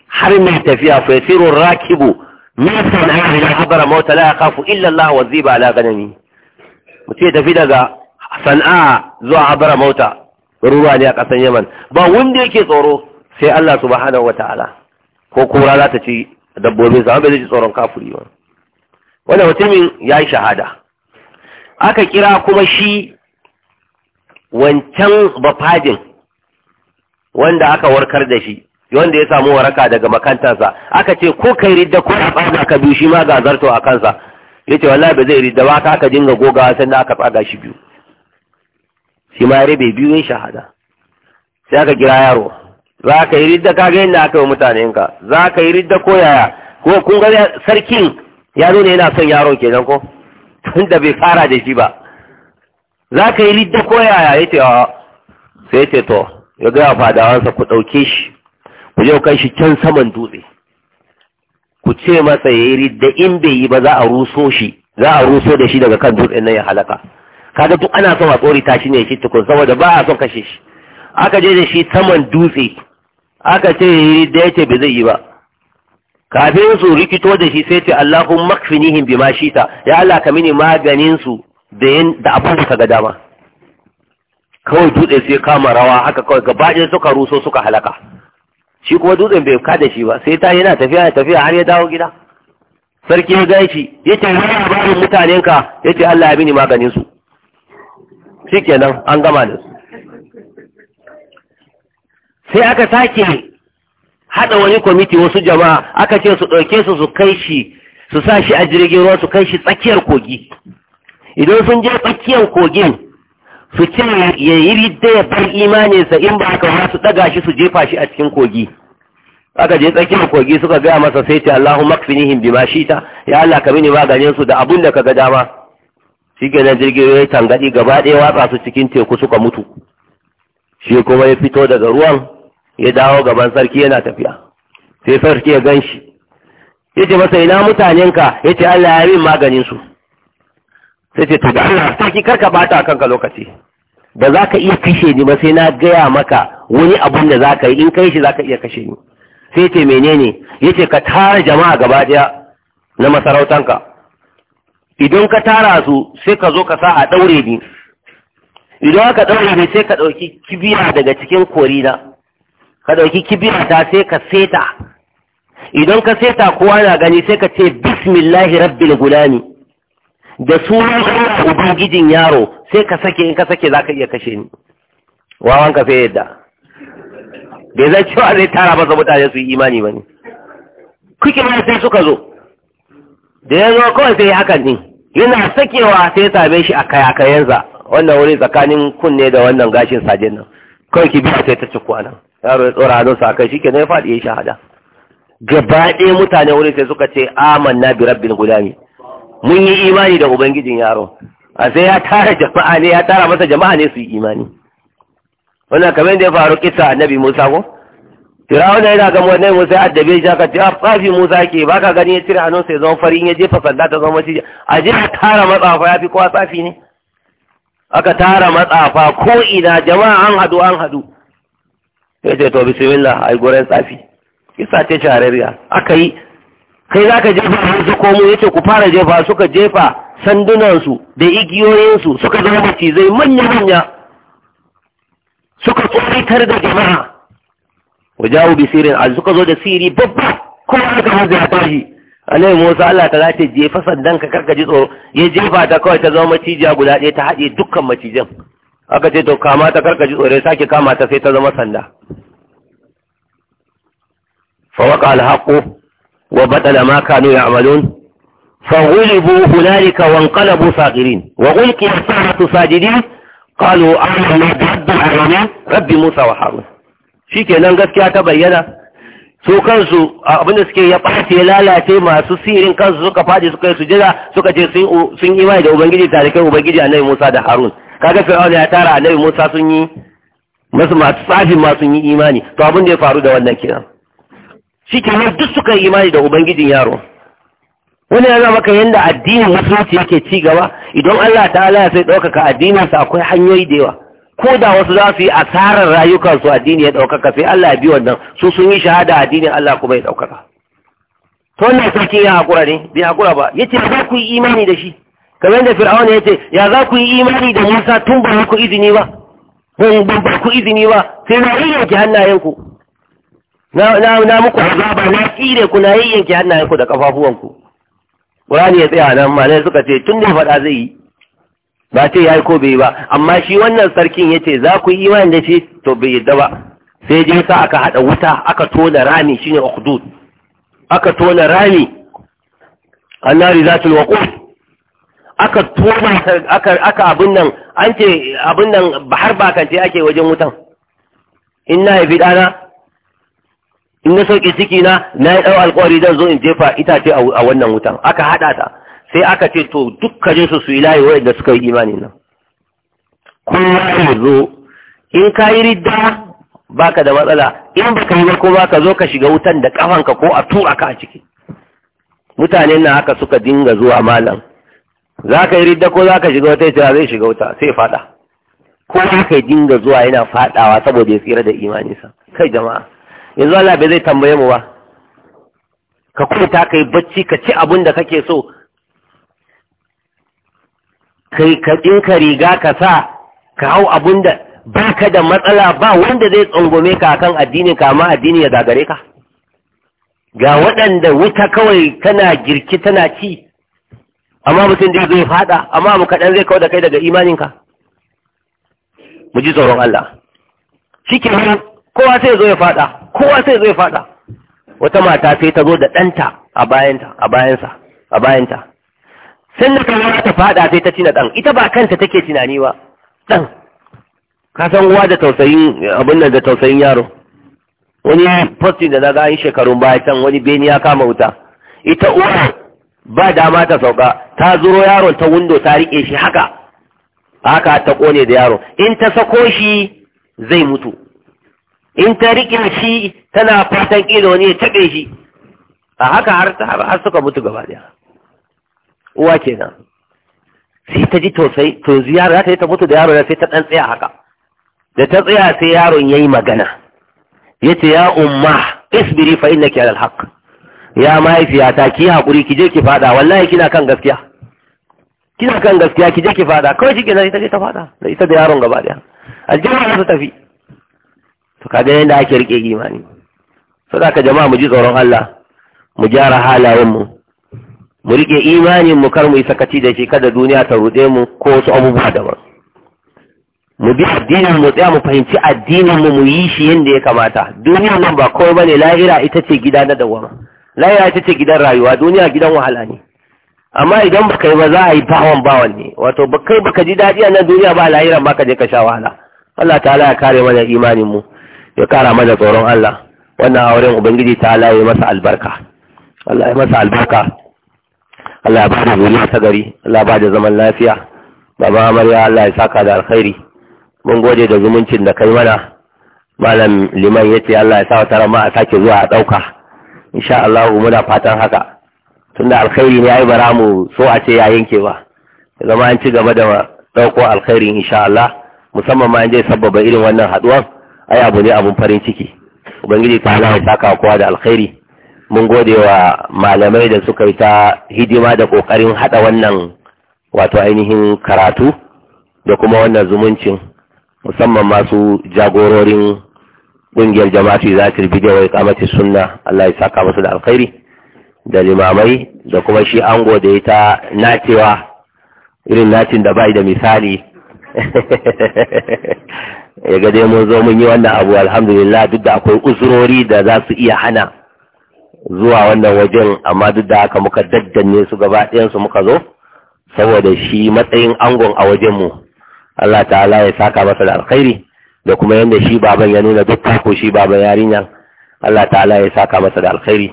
har mai tafiya fa yasirur rakibu min sana'a ila hadara mauta la yakhafu illa Allah wa ziba ala ganami mutum ya tafi daga sana'a zuwa hadara mauta ruwa ne a ƙasar Yaman ba wanda yake tsoro sai Allah subhanahu ta'ala. ko kura za ta ci dabbobin sa bai ji tsoron kafuri ba wanda mutumin ya yi shahada aka kira kuma shi wancan bafajin, wanda aka warkar da shi wanda ya samu waraka daga makantarsa aka ce ko kai ridda ko a ɓarna ka biyu shi ma ga zarto a kansa ya ce wallahi ba zai ridda ba ka aka dinga gogawa sannan aka tsaga shi biyu shi ma ya rabe biyu yin shahada sai aka kira yaro za ka yi ridda ka ga yadda aka yi mutanen ka za ka yi ridda ko yaya ko kun ga sarkin ya ne yana son yaron kenan ko tun da bai fara da shi ba za ka yi ridda ko yaya ya ce sai ce to ya gaya fadawansa ku ɗauke shi ku je kai shi can saman dutse ku ce masa ya yi ridda in bai yi ba za a ruso shi za a ruso da shi daga kan dutsen nan ya halaka kaga duk ana son a tsori tashi ne shi tukun saboda ba a son kashe shi aka je da shi saman dutse aka ce yi da yake bai zai yi ba kafin su rikito da shi sai ce Allahun makfinihin bi ma shita ya Allah ka mini maganin su da yin da abin su ga dama kawai dutse sai kama rawa haka kawai gabaɗaya suka ruso suka halaka shi kuma dutsen bai kada shi ba sai ta yana tafiya ya tafiya har ya dawo gida sarki ya gan shi ya ce wani labarin mutanenka ya ce Allah ya mini maganin su shikenan an gama da su sai aka sake haɗa wani kwamiti wasu jama'a aka ce su ɗauke su su kai shi su sa shi a jirgin ruwa su kai shi tsakiyar kogi idan sun je tsakiyar kogin su ce ya yi ridda ya bar imaninsa in ba ka su ɗaga shi su jefa shi a cikin kogi aka je tsakiyar kogi suka gaya masa sai ta Allahu makfinihim mashi ta ya Allah ka mini maganin su da abun da ka ga dama nan jirgin ruwa ya tangaɗi, gaba ɗaya watsa su cikin teku suka mutu shi kuma ya fito daga ruwan ya dawo gaban sarki yana tafiya sai sarki ya gan shi ya ce masa ina mutanenka ya ce Allah ya yin maganinsu sai ce to Allah sarki karka bata kanka lokaci ba za ka iya kashe ni ba sai na gaya maka wani abun da za ka yi in kai shi za ka iya kashe ni sai ce menene ya ce ka tara jama'a gaba daya na masarautanka idan ka tara su sai ka zo ka sa a ɗaure ni idan aka ɗaure ni sai ka ɗauki kibiya daga cikin korina ka ɗauki kibiya ta sai ka seta idan ka seta kowa na gani sai ka ce bismillahi rabbil gulani da sunan Allah ubangijin yaro sai ka sake in ka sake zaka iya kashe ni wawan ka sai yadda bai zan cewa zai tara masa mutane su yi imani ba ne kuke ma sai suka zo da ya zo kawai sai hakan din yana sakewa sai ya same shi a kayakayensa wannan wuri tsakanin kunne da wannan gashin sajen nan kawai ki biya sai ta ci kwanan yaro ya tsora hannunsa a kai shi ke na ya faɗi ya yi shahada gaba ɗaya mutane wani sai suka ce amanna bi guda ne. mun yi imani da ubangijin yaron a sai ya tara jama'a ne ya tara masa jama'a ne su yi imani wannan kamar da ya faru kisa annabi Musa ko Firawuna yana ga wannan Musa ya addabe shi aka ce kafi ah, Musa ke Ba ka gani ya cire hannunsa ya zama farin ya jefa sanda ta zama shi a je a tara matsafa ya fi kowa tsafi ne aka tara matsafa ko ina jama'a an hadu an hadu ya ce to bisimila a yi goren tsafi kisa ce shahararriya aka yi kai za ka jefa su komo ya ce ku fara jefa suka jefa sandunansu da igiyoyinsu suka zama macizai manya-manya suka tsoritar da jama'a wajawu bisirin sirin a suka zo da siri babba kuma aka hanzu ya tashi alai musa allah ta zace jefa sandan ka karkaji ji tsoro ya jefa ta kawai ta zama macijiya guda ɗaya ta haɗe dukkan macijan aka ce to kama ta karka ji tsoro sake kama ta sai ta zama sanda fa waqa al wa batala ma kanu ya'malun فغلبوا هنالك وانقلبوا صاغرين وغلقي الساعة ساجدين قالوا آمنا برب rabbi musa wa harun shikenan gaskiya ta bayyana su kansu abinda suke ya ɓace ya lalace masu sirin kansu suka faɗi suka yi sujada suka ce sun imani da ubangiji tare kai ubangiji annabi Musa da Harun kaga fir'auna ya tara annabi Musa sun yi masu masu tsafin masu yi imani to abin da ya faru da wannan kiran shi ke nan duk suka yi imani da ubangijin yaro wani ya maka yadda addinin musulunci yake ci gaba idan Allah ta ya sai ɗaukaka su akwai hanyoyi da yawa ko da wasu za su yi asarar rayukansu addini ya ɗaukaka sai Allah ya bi wannan su sun yi shahada addinin Allah kuma ya ɗaukaka to wannan sarki ya haƙura ne bai haƙura ba ya ba za ku yi imani da shi kamar da fir'auna ya ce ya za ku yi imani da musa tun ba ku izini ba ban ba ku izini ba sai na yayyanki hannayenku na na muku azaba na tsire ku na yayyanki hannayenku da kafafuwanku Qur'ani ya tsaya nan malai suka ce tun da faɗa zai yi ba ce yayi ko bai ba amma shi wannan sarkin yace za ku yi imani da shi to bai yadda ba sai je sa aka hada wuta aka tona rami shine ukhdud aka tona rami annari zatul waqud aka tona aka abin nan an ce abin nan har bakance ake wajen wutan in na haifi ɗana in na sauke ciki na na yi ɗau alkawari zan zo in jefa itace a wannan wutan aka haɗa ta sai aka ce to duk kaje su su yi layi wa'anda suka yi imani nan kuma ya zo in ka yi ridda baka da matsala in baka yi ba kuma ka zo ka shiga wutan da kafanka ko a tura ka a ciki Mutanen na haka suka dinga zuwa malam za ka yi ridda ko za ka shiga wata yace zai shiga wuta sai fada ko za ka dinga zuwa yana fadawa saboda ya tsira da imaninsa kai jama'a yanzu Allah bai zai tambaye mu ba ka kwanta kai bacci ka ci abin da kake so kai ka ɗinka riga ka sa ka hau abin da baka da matsala ba wanda zai tsangome ka akan addini ka amma addini ya zagare ka ga waɗanda wuta kawai tana girki tana ci amma mutum zai zai fada amma mu kaɗan zai kawo da kai daga imaninka mu ji tsoron Allah cikin nan kowa sai zo ya fada kowa sai zo ya fada wata mata sai ta zo da ɗanta a bayanta a bayansa a bayanta sai da kan ta fada sai ta tina ɗan ita ba kanta take tunani ba ɗan ka san uwa da tausayin abin nan da tausayin yaro wani posting da na ga shekarun baya can wani beni ya kama wuta ita uwa ba dama ta sauka ta zuro yaron ta wundo ta rike shi haka haka ta kone da yaron in ta sako shi zai mutu in ta rike shi tana fatan kila wani ya taɓe shi a haka har suka mutu gaba daya uwa kenan sai ta ji tosai to ziyara za ta yi ta mutu da yaro sai ta dan tsaya haka da ta tsaya sai yaron yayi magana yace ya umma isbiri fa innaki alal haqq ya mahaifiyata ki haƙuri ki je ki fada wallahi kina kan gaskiya kina kan gaskiya ki je ki fada kawai shi kenan ita ce ta fada da ita da yaron gaba daya aljanna su tafi to kaga da ake rike imani da ka jama'a mu ji tsoron Allah mu gyara halayen mu mu rike imanin mu kar mu yi sakaci da shi kada duniya ta rude mu ko wasu abubuwa daban mu bi addinin mu tsaya mu fahimci addinin mu mu yi shi yanda ya kamata duniyar nan ba kawai bane lahira ita ce gida na dawama laya ita ce gidan rayuwa duniya gidan wahala ne amma idan ba kai ba za a yi bawan bawan ne wato ba kai baka ji daɗi a nan duniya ba lahiran ba ka je ka sha wahala Allah ta'ala ya kare mana imanin mu ya kara mana tsoron Allah wannan auren ubangiji ta'ala ya masa albarka Allah ya masa albarka Allah ya bada zuriya ta gari Allah ya bada zaman lafiya baba amarya Allah ya saka da alkhairi mun gode da zumuncin da kai mana malam liman ya ce Allah ya sa wata rama a sake zuwa a ɗauka. insha Allah muna fatan haka tunda alkhairi ne ai bara mu so a ce ya yanke ba zama an ci gaba da dauko alkhairi insha Allah musamman ma an je sabbaba irin wannan haduwan ai abu ne abun farin ciki ubangiji ta Allah ya saka kowa da alkhairi mun gode wa malamai da suka yi ta hidima da kokarin hada wannan wato ainihin karatu da kuma wannan zumuncin musamman masu jagororin kungiyar jama'a fi zatir bidiyo wai kamata sunna Allah ya saka musu da alkhairi da limamai da kuma shi ango da ya nacewa irin nacin da bai da misali ya ga mun zo mun yi wannan abu alhamdulillah duk da akwai uzurori da za su iya hana zuwa wannan wajen amma duk da haka muka daddanne su gaba su muka zo saboda shi matsayin angon a wajenmu Allah ta'ala ya saka masa da alkhairi da kuma yadda shi baban ya nuna duk ko shi baban yarinyar Allah ta'ala ya saka masa da alkhairi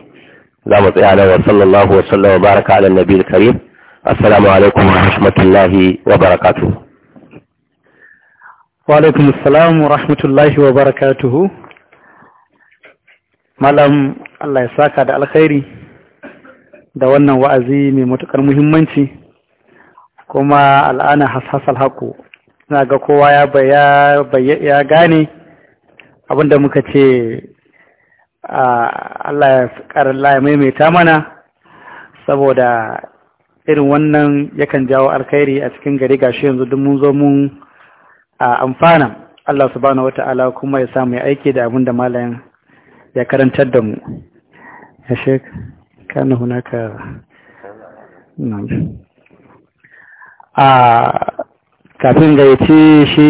za mu tsaya nan wa sallallahu wa sallam, wa baraka ala nabiyil karim assalamu alaikum wa rahmatullahi wa barakatuh wa alaikum assalam wa rahmatullahi wa barakatuh malam Allah ya saka da alkhairi da wannan wa'azi mai matukar muhimmanci kuma al'ana hashasal haku suna ga kowa ya ya gane abinda muka ce Allah ya fi ya maimaita mana saboda irin wannan yakan jawo alkhairi a cikin gari gashi yanzu duk mun zo mun amfana Allah subhanahu wata'ala kuma ya samu ya aiki da abinda malayan ya karantar da mu ya shek kanu hunaka a kafin gayyace shi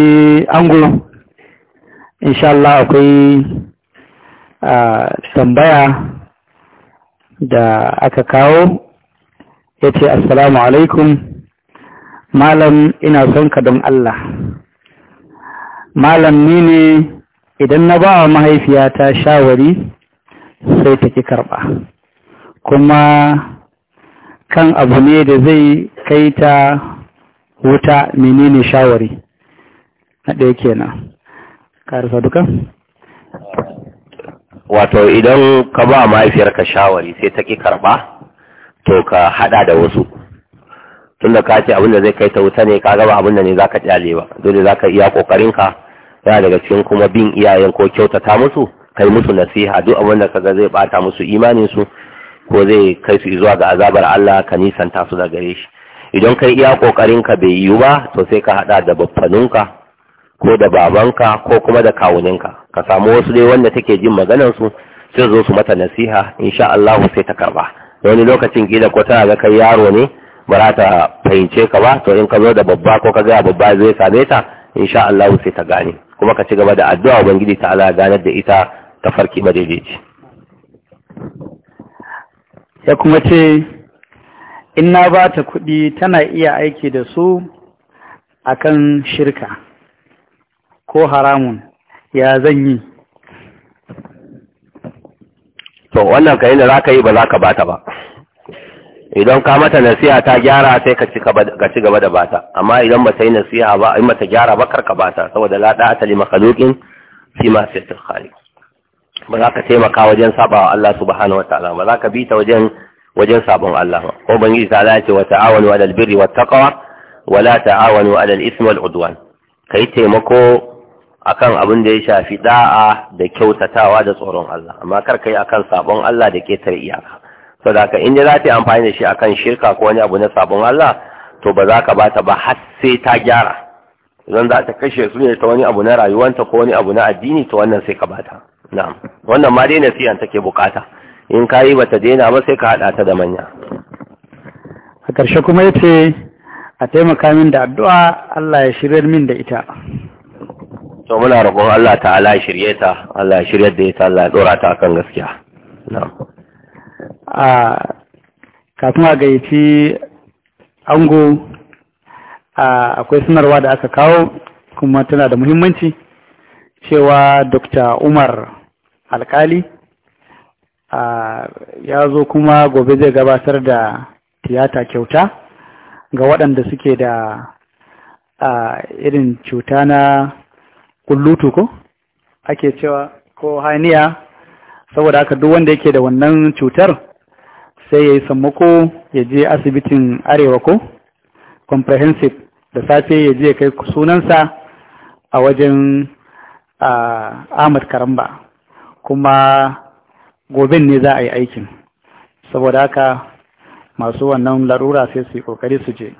angulo insha Allah akwai tambaya da aka kawo ya ce assalamu alaikum malam ina son ka don Allah malam ni ne idan na ba wa mahaifiyata shawari sai ta ki karɓa kuma kan abu ne da zai kai ta wuta menene shawari na ɗaya kenan karisa duka wato idan ka ba mahaifiyarka shawari sai ta ƙi karɓa to ka haɗa da wasu tunda ka ce abinda zai kai ta wuta ne ka gaba abinda ne za ka kyale ba dole za ka iya kokarin ka yana daga cikin kuma bin iyayen ko kyautata musu kai musu nasiha duk abin abinda kaga zai bata musu imaninsu ko zai kai su zuwa ga azabar Allah ka nisanta su da gare shi idan kai iya ka bai yiwu ba to sai ka haɗa da baffanunka ko da babanka ko kuma da kawuninka ka samu wasu dai wanda take jin maganarsu sai zo su mata nasiha insha Allah sai ta karba wani lokacin gida ko tana ga kai yaro ne ba za ta fahimce ka ba to in ka zo da babba ko ka gaya babba zai same ta insha Allah sai ta gane kuma ka ci gaba da addu'a ubangiji ta Allah ganar da ita ta farki ce ya kuma ce in na ba ta kuɗi tana iya aiki da su akan shirka ko haramun ya zan yi to wannan yi da za ka yi ba za ka bata ba idan ka mata nasiha ta gyara sai ka ci gaba da bata amma idan ba ta yi nasiha ba in mata gyara ba karka bata saboda la ta lima kalokin fi ma yasir khaliq ba za ka taimaka wajen sabawa Allah subhanahu wataala ba za ka bi ta wajen wajen sabon Allah ko bangi ta Allah ce wa ta'awanu alal wata kawa, taqwa wa la ta'awanu alal ismi wal udwan kai taimako akan abin da ya shafi da'a da kyautatawa da tsoron Allah amma kar kai akan sabon Allah da ketare iyaka saboda haka in za ta yi amfani da shi akan shirka ko wani abu na sabon Allah to ba za ka bata ba har sai ta gyara idan za ta kashe su ne ta wani abu na rayuwanta ko wani abu na addini to wannan sai ka ta. na'am wannan ma dai nasiha take bukata in ka yi ba ta daina ba sai ka haɗa ta da manya a ƙarshe kuma ya ce a taimaka min da addu'a Allah ya shirya min da ita to muna roƙon Allah ta'ala ya shirye ta Allah ya shirye da ita Allah ya ɗora ta kan gaskiya a kafin a gayyaci ango akwai sanarwa da aka kawo kuma tana da muhimmanci cewa dr umar alkali ya zo kuma gobe zai gabatar da tiyata kyauta ga waɗanda suke da irin cuta na kullutu ko ake cewa ko haniya saboda haka duk wanda yake da wannan cutar sai ya yi sammako ya je asibitin arewa ko comprehensive da safe ya je kai sunansa a wajen ahmad karamba kuma goben ne za a yi aikin saboda haka masu wannan larura sai su yi kokari su je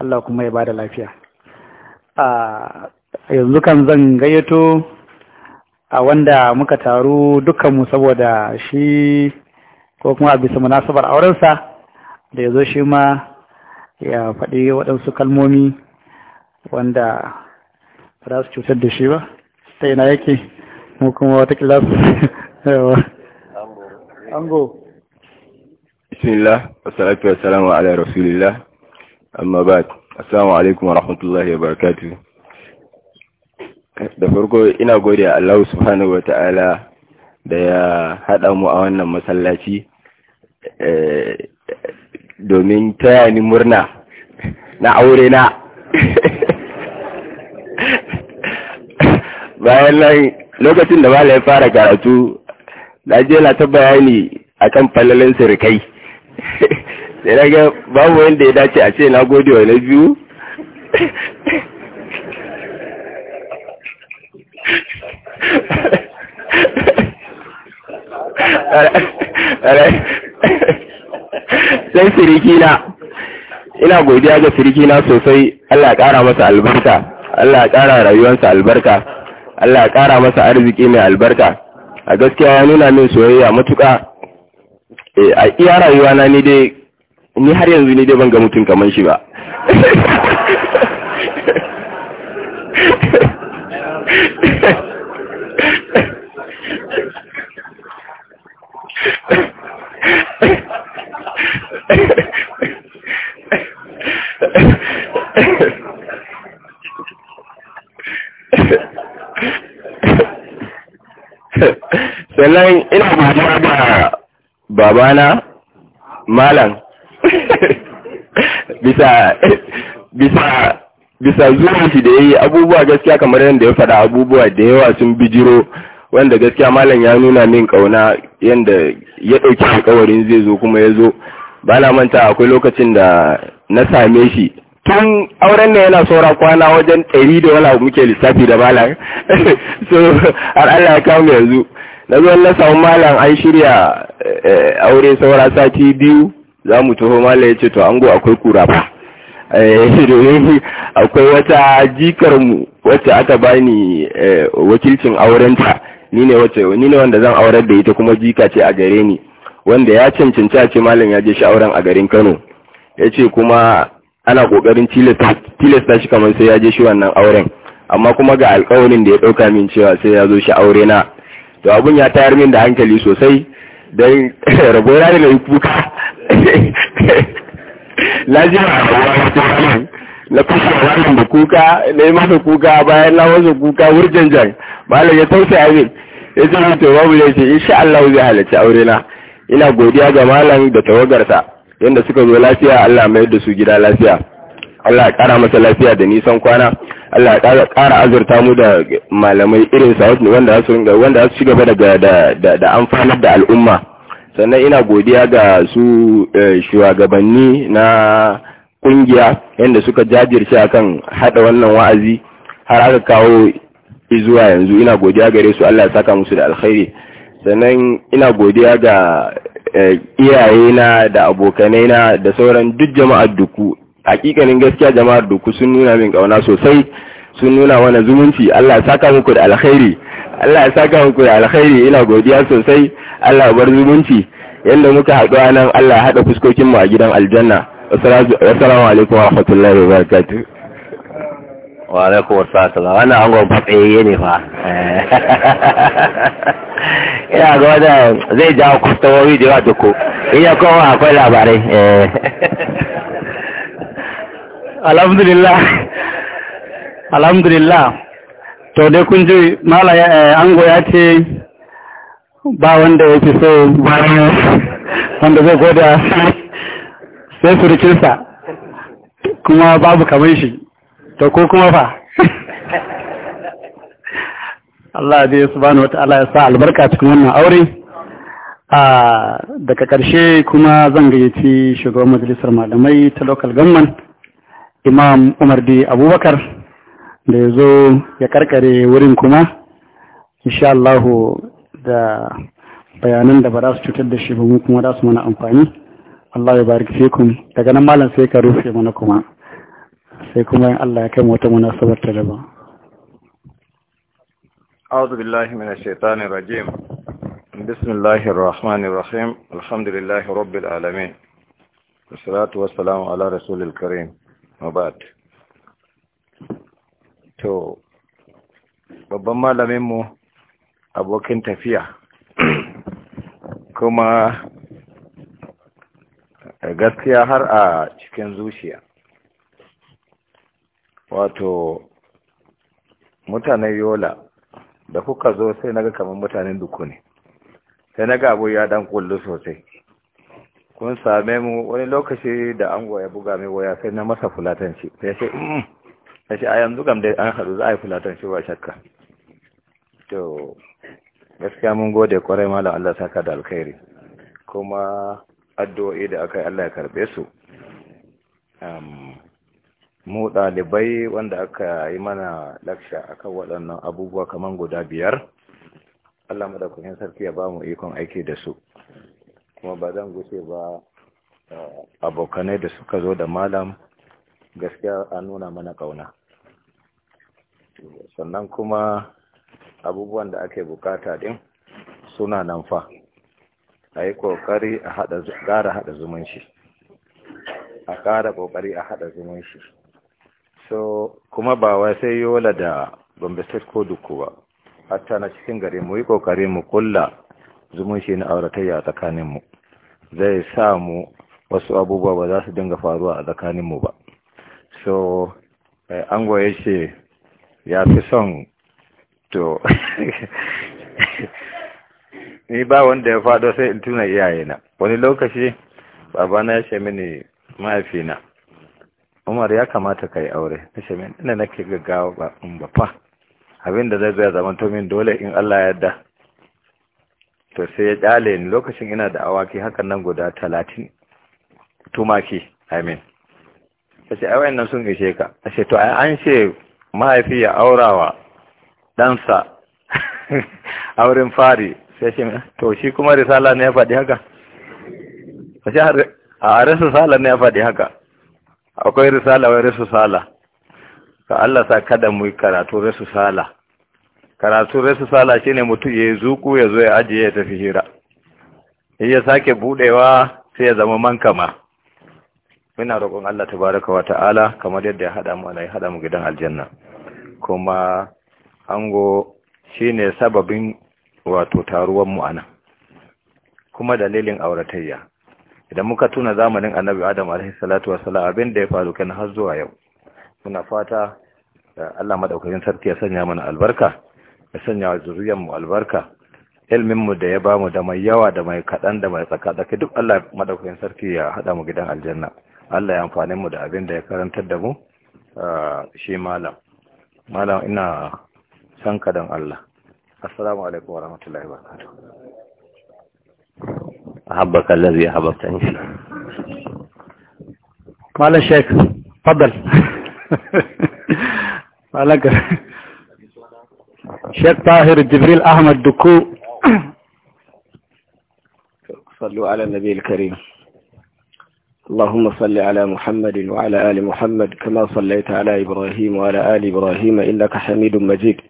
Allah kuma ya ba da lafiya a yanzu kan zan gayyato a wanda muka taru dukkanmu saboda shi ko kuma bisa munasabar aurensa da ya zo shi ma ya faɗi waɗansu kalmomi wanda ba za su cutar da shi ba ta ina yake mu kuma watakila su ango bismillah wassalatu wassalamu ala rasulillah amma ba assalamu alaikum wa rahmatullahi wa barakatuh da farko ina gode Allah subhanahu wa ta'ala da ya haɗa mu a wannan masallaci eh, domin taya ni murna na aure na bayan nan lokacin da ba ya fara karatu na je na ta bayani kan falalin sirikai sai na ga babu wanda ya dace a ce na gode wa na biyu sai siriki na ina godiya ga siriki na sosai Allah ƙara masa albarka Allah ƙara rayuwarsa albarka Allah ƙara masa arziki mai albarka a gaskiya ya nuna min soyayya matuka eh, a iya rayuwa na ni dai ni har yanzu ni dai ban ga mutum kamar shi ba Thank you. sannan ina godiya da babana malam bisa bisa shi da ya yi. abubuwa gaskiya kamar yadda ya faɗa abubuwa da yawa sun bijiro wanda gaskiya malam ya nuna min ƙauna yadda ya ɗauki alkawarin zai zo kuma ya zo ba na manta akwai lokacin da na same shi tun auren ne yana saura kwana wajen ɗari da wala muke lissafi da malam so har Allah ya kawo yanzu na zo na samu malam an shirya eh, aure saura sati biyu za mu taho malam ya ce to ango akwai kura ba eh, akwai wata jikar mu wacce aka bani eh, wakilcin aurenta ni ne wacce ni ne wanda zan aurar da ita kuma jika ce a gare ni wanda ya cancanci a ce malam ya je shi auren a garin Kano ya ce kuma ana kokarin tilasta shi kamar sai ya je shi wannan auren amma kuma ga alkawarin da ya dauka min cewa sai ya zo shi aure na to abun ya tayar min da hankali sosai don rabo ya da mai kuka na na kusa wannan da kuka na yi masa kuka bayan na wasu kuka jan malam ya tausaya min ya ce min to babu ya ce insha Allah zai halarci aure na ina godiya ga malam da tawagarsa yanda suka zo lafiya Allah mai da su gida lafiya Allah ya kara masa lafiya da nisan kwana Allah ya kara azurta mu da malamai irin sa wanda su wanda su gaba da da da amfanar da al'umma sannan ina godiya ga su eh, shugabanni na kungiya yadda suka jajirce akan hada wannan wa'azi har aka kawo zuwa yanzu ina godiya gare su Allah ya saka musu da alkhairi sannan ina godiya ga Eh, iyayena da abokanaina da sauran duk jama'ar duku hakikanin gaskiya jama'ar duku sun nuna min kauna sosai sun nuna mana zumunci Allah ya saka muku da alkhairi Allah ya saka muku da alkhairi ina godiya sosai Allah bar zumunci yanda muka haɗu a nan Allah ya haɗa fuskokin mu a gidan aljanna assalamu alaikum wa rahmatullahi wa barakatuh wa alaikum assalam wannan angon fatsayayye ne fa ina ga wannan zai jawo kwastomomi da yawa duku in ya koma akwai labarai alhamdulillah alhamdulillah to dai kun ji mala ango ya ce ba wanda ya fi so wanda zai goda sai surukinsa kuma babu Kamaishi shi to kuma fa Allah dai subhanahu wata'ala ya sa albarka cikin wannan aure a daga ƙarshe kuma zan gayyaci shugaban majalisar malamai ta local government imam umar d abubakar da ya zo ya karkare wurin kuma insha Allah da bayanan da ba za su cutar da shi ba mu kuma za su mana amfani Allah ya barik fikum daga nan malam sai ka rufe mana kuma sai kuma Allah ya kai mu wata munasabar ta daban أعوذ بالله من الشيطان الرجيم بسم الله الرحمن الرحيم الحمد لله رب العالمين والصلاة والسلام على رسول الكريم وبعد to babban malaminmu abokin tafiya kuma gaskiya har a cikin zuciya wato mutanen yola da kuka zo sai naga kamar mutanen duku ne sai naga abu ya dan kullu sosai kun same mu wani lokaci da an goya buga mai waya sai na masa fulatanci sai ce sai mm. a yanzu gam dai an haɗu za a yi fulatanci ba shakka to gaskiya mun gode kwarai malam Allah saka da alkhairi kuma addu'o'i da aka yi Allah ya karbe su mu ɗalibai wanda aka yi mana laksha akan waɗannan abubuwa kamar guda biyar Allah madaukakin sarki ya ba mu ikon aiki da su kuma ba zan guce ba eh, abokanai da suka zo da malam gaskiya an nuna mana ƙauna. sannan kuma abubuwan da ake bukata din suna nan fa a yi kokari a haɗa zumunci a ƙara kokari a haɗa zumunci so kuma ba wai sai yola da gombe state ko duku ba hatta na cikin gari mu yi kokari mu kulla zumunci na auratayya a tsakaninmu zai sa mu wasu abubuwa ba za su dinga faruwa a tsakaninmu ba so an eh, ango ya ce ya fi son to ni ba wanda ya fado sai in tuna iyayena wani lokaci babana ya ce mini mahaifina umar ya kamata ka yi aure na min ina nake gaggawa ba in ba fa abin da zai zai zama min dole in Allah ya da to sai ya kyale ni lokacin ina da awaki hakan nan guda talatin tumaki amin ta ce ai wayannan sun ishe ka ashe ce to an ce mahaifi ya aurawa ɗansa auren fari sai shi to shi kuma risala ne ya faɗi haka ta ce a risala ne ya faɗi haka akwai risala wai Sala. ka Allah sa kada mu karatu Sala. karatu Sala shine mutu ya zuku ya zo ya ajiye ya tafi hira ya sake budewa sai ya zama mankama muna roƙon Allah tabaraka wa ta'ala kamar yadda ya hada mu Allah ya hada mu gidan aljanna kuma ango shine sababin wato taruwan mu anan kuma dalilin auratayya idan muka tuna zamanin annabi adam alaihi salatu wassalam abin da ya faru kan har zuwa yau muna fata eh, Allah madaukakin sarki ya sanya mana albarka ya sanya wa zuriyar mu albarka ilmin mu da ya bamu da mai yawa da mai kadan da mai tsaka da duk Allah madaukakin sarki ya hada mu gidan aljanna Allah ya amfane mu da abin da ya karantar da mu eh, shi malam malam ina san kadan Allah assalamu alaikum warahmatullahi wabarakatuh أحبك الذي أحببتني معلش يا تفضل اتفضل معلش شيخ طاهر جبريل أحمد دكو صلوا على النبي الكريم اللهم صل على محمد وعلى آل محمد كما صليت على إبراهيم وعلى آل إبراهيم إنك حميد مجيد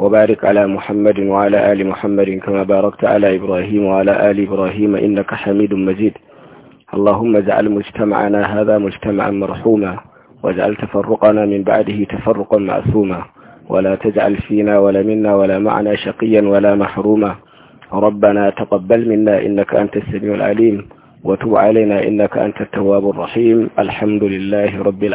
وبارك على محمد وعلى آل محمد كما باركت على إبراهيم وعلى آل إبراهيم إنك حميد مجيد اللهم اجعل مجتمعنا هذا مجتمعا مرحوما واجعل تفرقنا من بعده تفرقا معصوما ولا تجعل فينا ولا منا ولا معنا شقيا ولا محروما ربنا تقبل منا إنك أنت السميع العليم وتب علينا إنك أنت التواب الرحيم الحمد لله رب العالمين